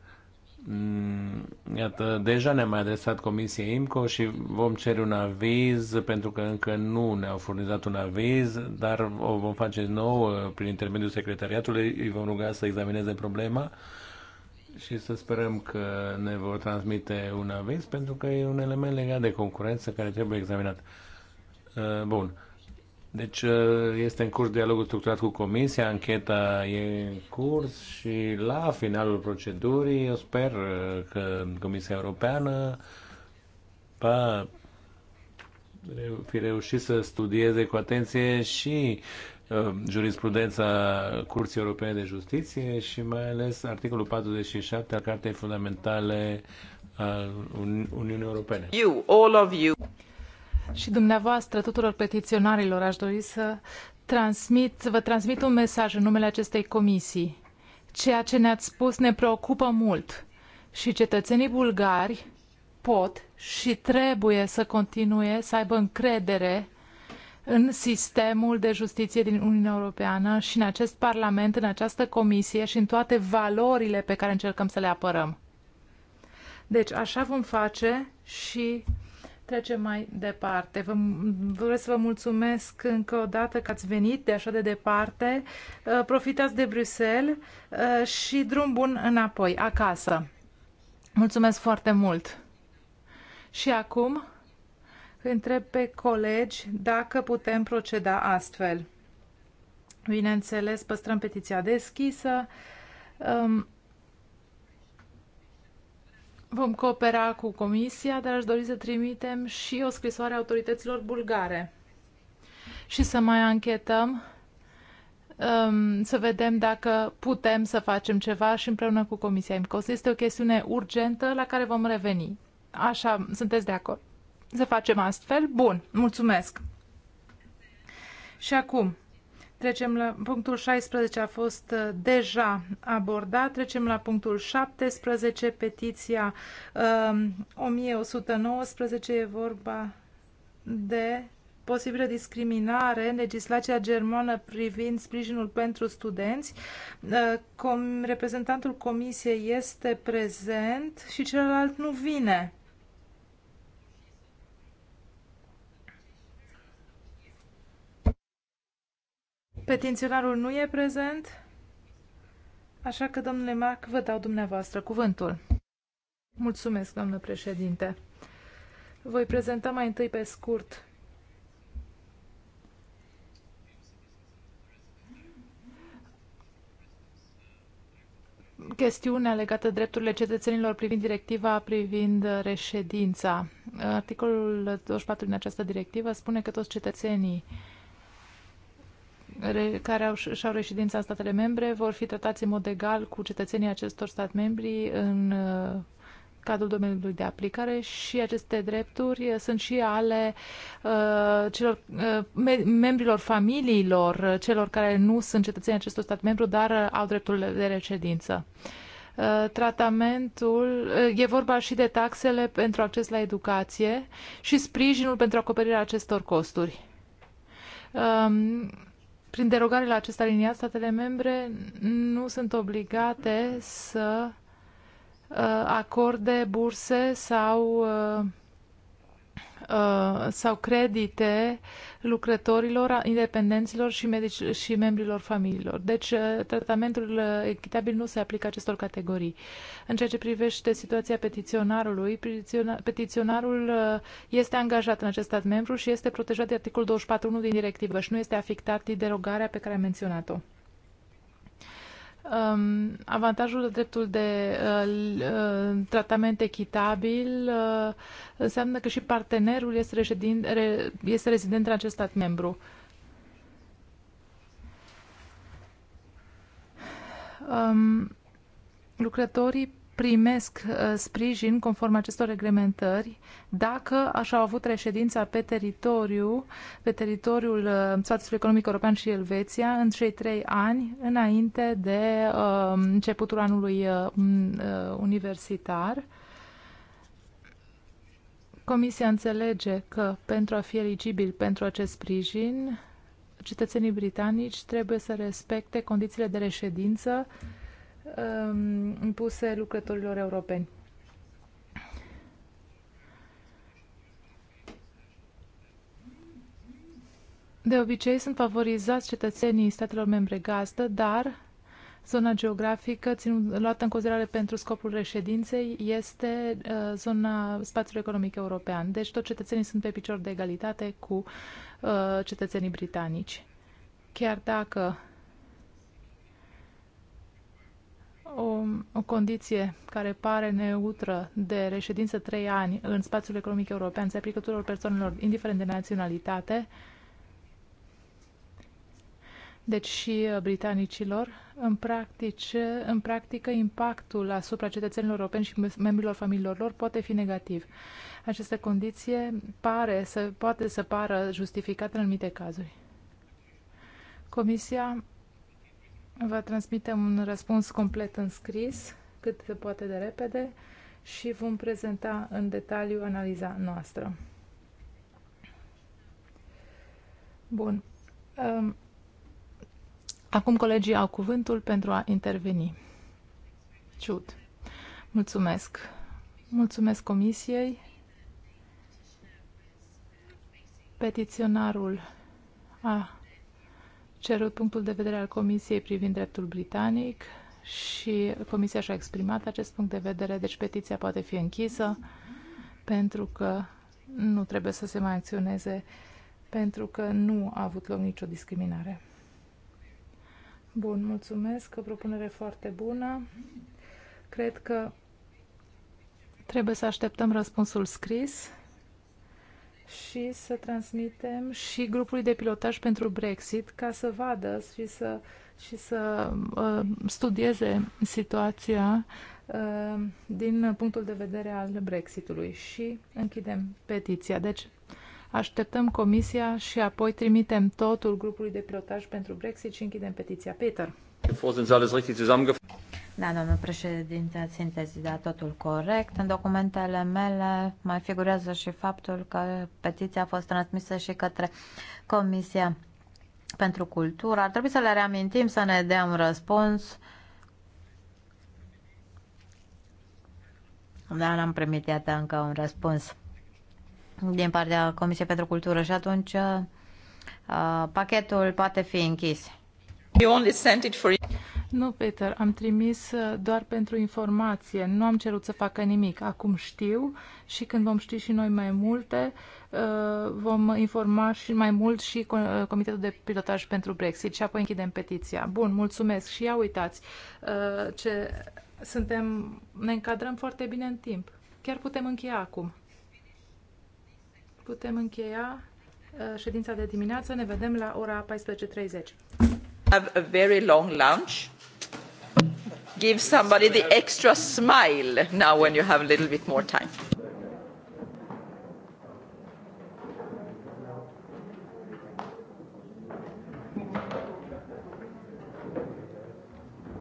mm, Iată, deja ne-am mai adresat Comisiei IMCO și vom cere un aviz, pentru că încă nu ne-au furnizat un aviz, dar o vom face nou uh, prin intermediul secretariatului, îi vom ruga să examineze problema și să sperăm că ne vor transmite un aviz, pentru că e un element legat de concurență care trebuie examinat. Uh, bun. Deci uh, este în curs dialogul structurat cu Comisia, ancheta e în curs și la finalul procedurii eu sper uh, că Comisia Europeană va fi reușit să studieze cu atenție și Uh, jurisprudența Curții Europene de Justiție și mai ales articolul 47 al Cartei Fundamentale al Uni Uniunii Europene. You, all of you. Și dumneavoastră, tuturor petiționarilor, aș dori să transmit, vă transmit un mesaj în numele acestei comisii. Ceea ce ne-ați spus ne preocupă mult și cetățenii bulgari pot și trebuie să continue să aibă încredere în sistemul de justiție din Uniunea Europeană și în acest Parlament, în această comisie și în toate valorile pe care încercăm să le apărăm. Deci așa vom face și trecem mai departe. Vă, vreau să vă mulțumesc încă o dată că ați venit de așa de departe. Uh, profitați de Bruxelles uh, și drum bun înapoi, acasă. Mulțumesc foarte mult! Și acum întreb pe colegi dacă putem proceda astfel. Bineînțeles, păstrăm petiția deschisă. Um, vom coopera cu comisia, dar aș dori să trimitem și o scrisoare a autorităților bulgare și să mai anchetăm, um, să vedem dacă putem să facem ceva și împreună cu comisia Este o chestiune urgentă la care vom reveni. Așa, sunteți de acord? să facem astfel? Bun, mulțumesc. Și acum, trecem la punctul 16, a fost uh, deja abordat. Trecem la punctul 17, petiția um, 1119, e vorba de posibilă discriminare în legislația germană privind sprijinul pentru studenți. Uh, com, reprezentantul comisiei este prezent și celălalt nu vine. Petiționarul nu e prezent, așa că, domnule Mac, vă dau dumneavoastră cuvântul. Mulțumesc, doamnă președinte. Voi prezenta mai întâi pe scurt chestiunea legată drepturile cetățenilor privind directiva privind reședința. Articolul 24 din această directivă spune că toți cetățenii care au, și-au reședința în statele membre vor fi tratați în mod egal cu cetățenii acestor stat membri în uh, cadrul domeniului de aplicare și aceste drepturi uh, sunt și ale uh, celor, uh, me membrilor familiilor, uh, celor care nu sunt cetățeni acestor stat membru, dar uh, au dreptul de reședință. Uh, tratamentul, uh, e vorba și de taxele pentru acces la educație și sprijinul pentru acoperirea acestor costuri. Um, prin derogare la acest aliniat, statele membre nu sunt obligate să uh, acorde burse sau uh, Uh, sau credite lucrătorilor, independenților și, medici, și membrilor familiilor. Deci, uh, tratamentul uh, echitabil nu se aplică acestor categorii. În ceea ce privește situația petiționarului, petiționar, petiționarul este angajat în acest stat membru și este protejat de articolul 24.1 din directivă și nu este afectat de derogarea pe care am menționat-o um, avantajul de dreptul de uh, uh, tratament echitabil uh, înseamnă că și partenerul este, reședin, re, este rezident în acest stat membru. Um, lucrătorii primesc uh, sprijin conform acestor reglementări dacă așa au avut reședința pe teritoriu, pe teritoriul uh, statului economic european și Elveția în cei trei ani înainte de uh, începutul anului universitar. Comisia înțelege că pentru a fi eligibil pentru acest sprijin, cetățenii britanici trebuie să respecte condițiile de reședință Um, impuse lucrătorilor europeni. De obicei sunt favorizați cetățenii statelor membre gazdă, dar zona geografică ținut, luată în considerare pentru scopul reședinței este uh, zona spațiului economic european. Deci toți cetățenii sunt pe picior de egalitate cu uh, cetățenii britanici. Chiar dacă o, o condiție care pare neutră de reședință trei ani în spațiul economic european se aplică tuturor persoanelor, indiferent de naționalitate, deci și uh, britanicilor, în, practic, uh, în practică impactul asupra cetățenilor europeni și membrilor familiilor lor poate fi negativ. Această condiție pare să, poate să pară justificată în anumite cazuri. Comisia Vă transmitem un răspuns complet în scris, cât se poate de repede, și vom prezenta în detaliu analiza noastră. Bun. Acum colegii au cuvântul pentru a interveni. Ciut. Mulțumesc. Mulțumesc comisiei. Petiționarul a cerut punctul de vedere al Comisiei privind dreptul britanic și Comisia și-a exprimat acest punct de vedere, deci petiția poate fi închisă pentru că nu trebuie să se mai acționeze pentru că nu a avut loc nicio discriminare. Bun, mulțumesc, o propunere foarte bună. Cred că trebuie să așteptăm răspunsul scris și să transmitem și grupului de pilotaj pentru Brexit ca să vadă și să, și să uh, studieze situația uh, din punctul de vedere al Brexitului și închidem petiția. Deci așteptăm comisia și apoi trimitem totul grupului de pilotaj pentru Brexit și închidem petiția. Peter. Da, domnul președinte, ați sintetizat totul corect. În documentele mele mai figurează și faptul că petiția a fost transmisă și către Comisia pentru Cultură. Ar trebui să le reamintim să ne dea un răspuns. Da, n-am primit, iată, încă un răspuns din partea Comisiei pentru Cultură și atunci uh, pachetul poate fi închis. You only sent it for... Nu, Peter, am trimis uh, doar pentru informație. Nu am cerut să facă nimic. Acum știu și când vom ști și noi mai multe, uh, vom informa și mai mult și uh, Comitetul de Pilotaj pentru Brexit și apoi închidem petiția. Bun, mulțumesc și ia uitați ce suntem, ne încadrăm foarte bine în timp. Chiar putem încheia acum. Putem încheia ședința de dimineață. Ne vedem la ora 14.30 have a very long lunch give somebody the extra smile now when you have a little bit more time.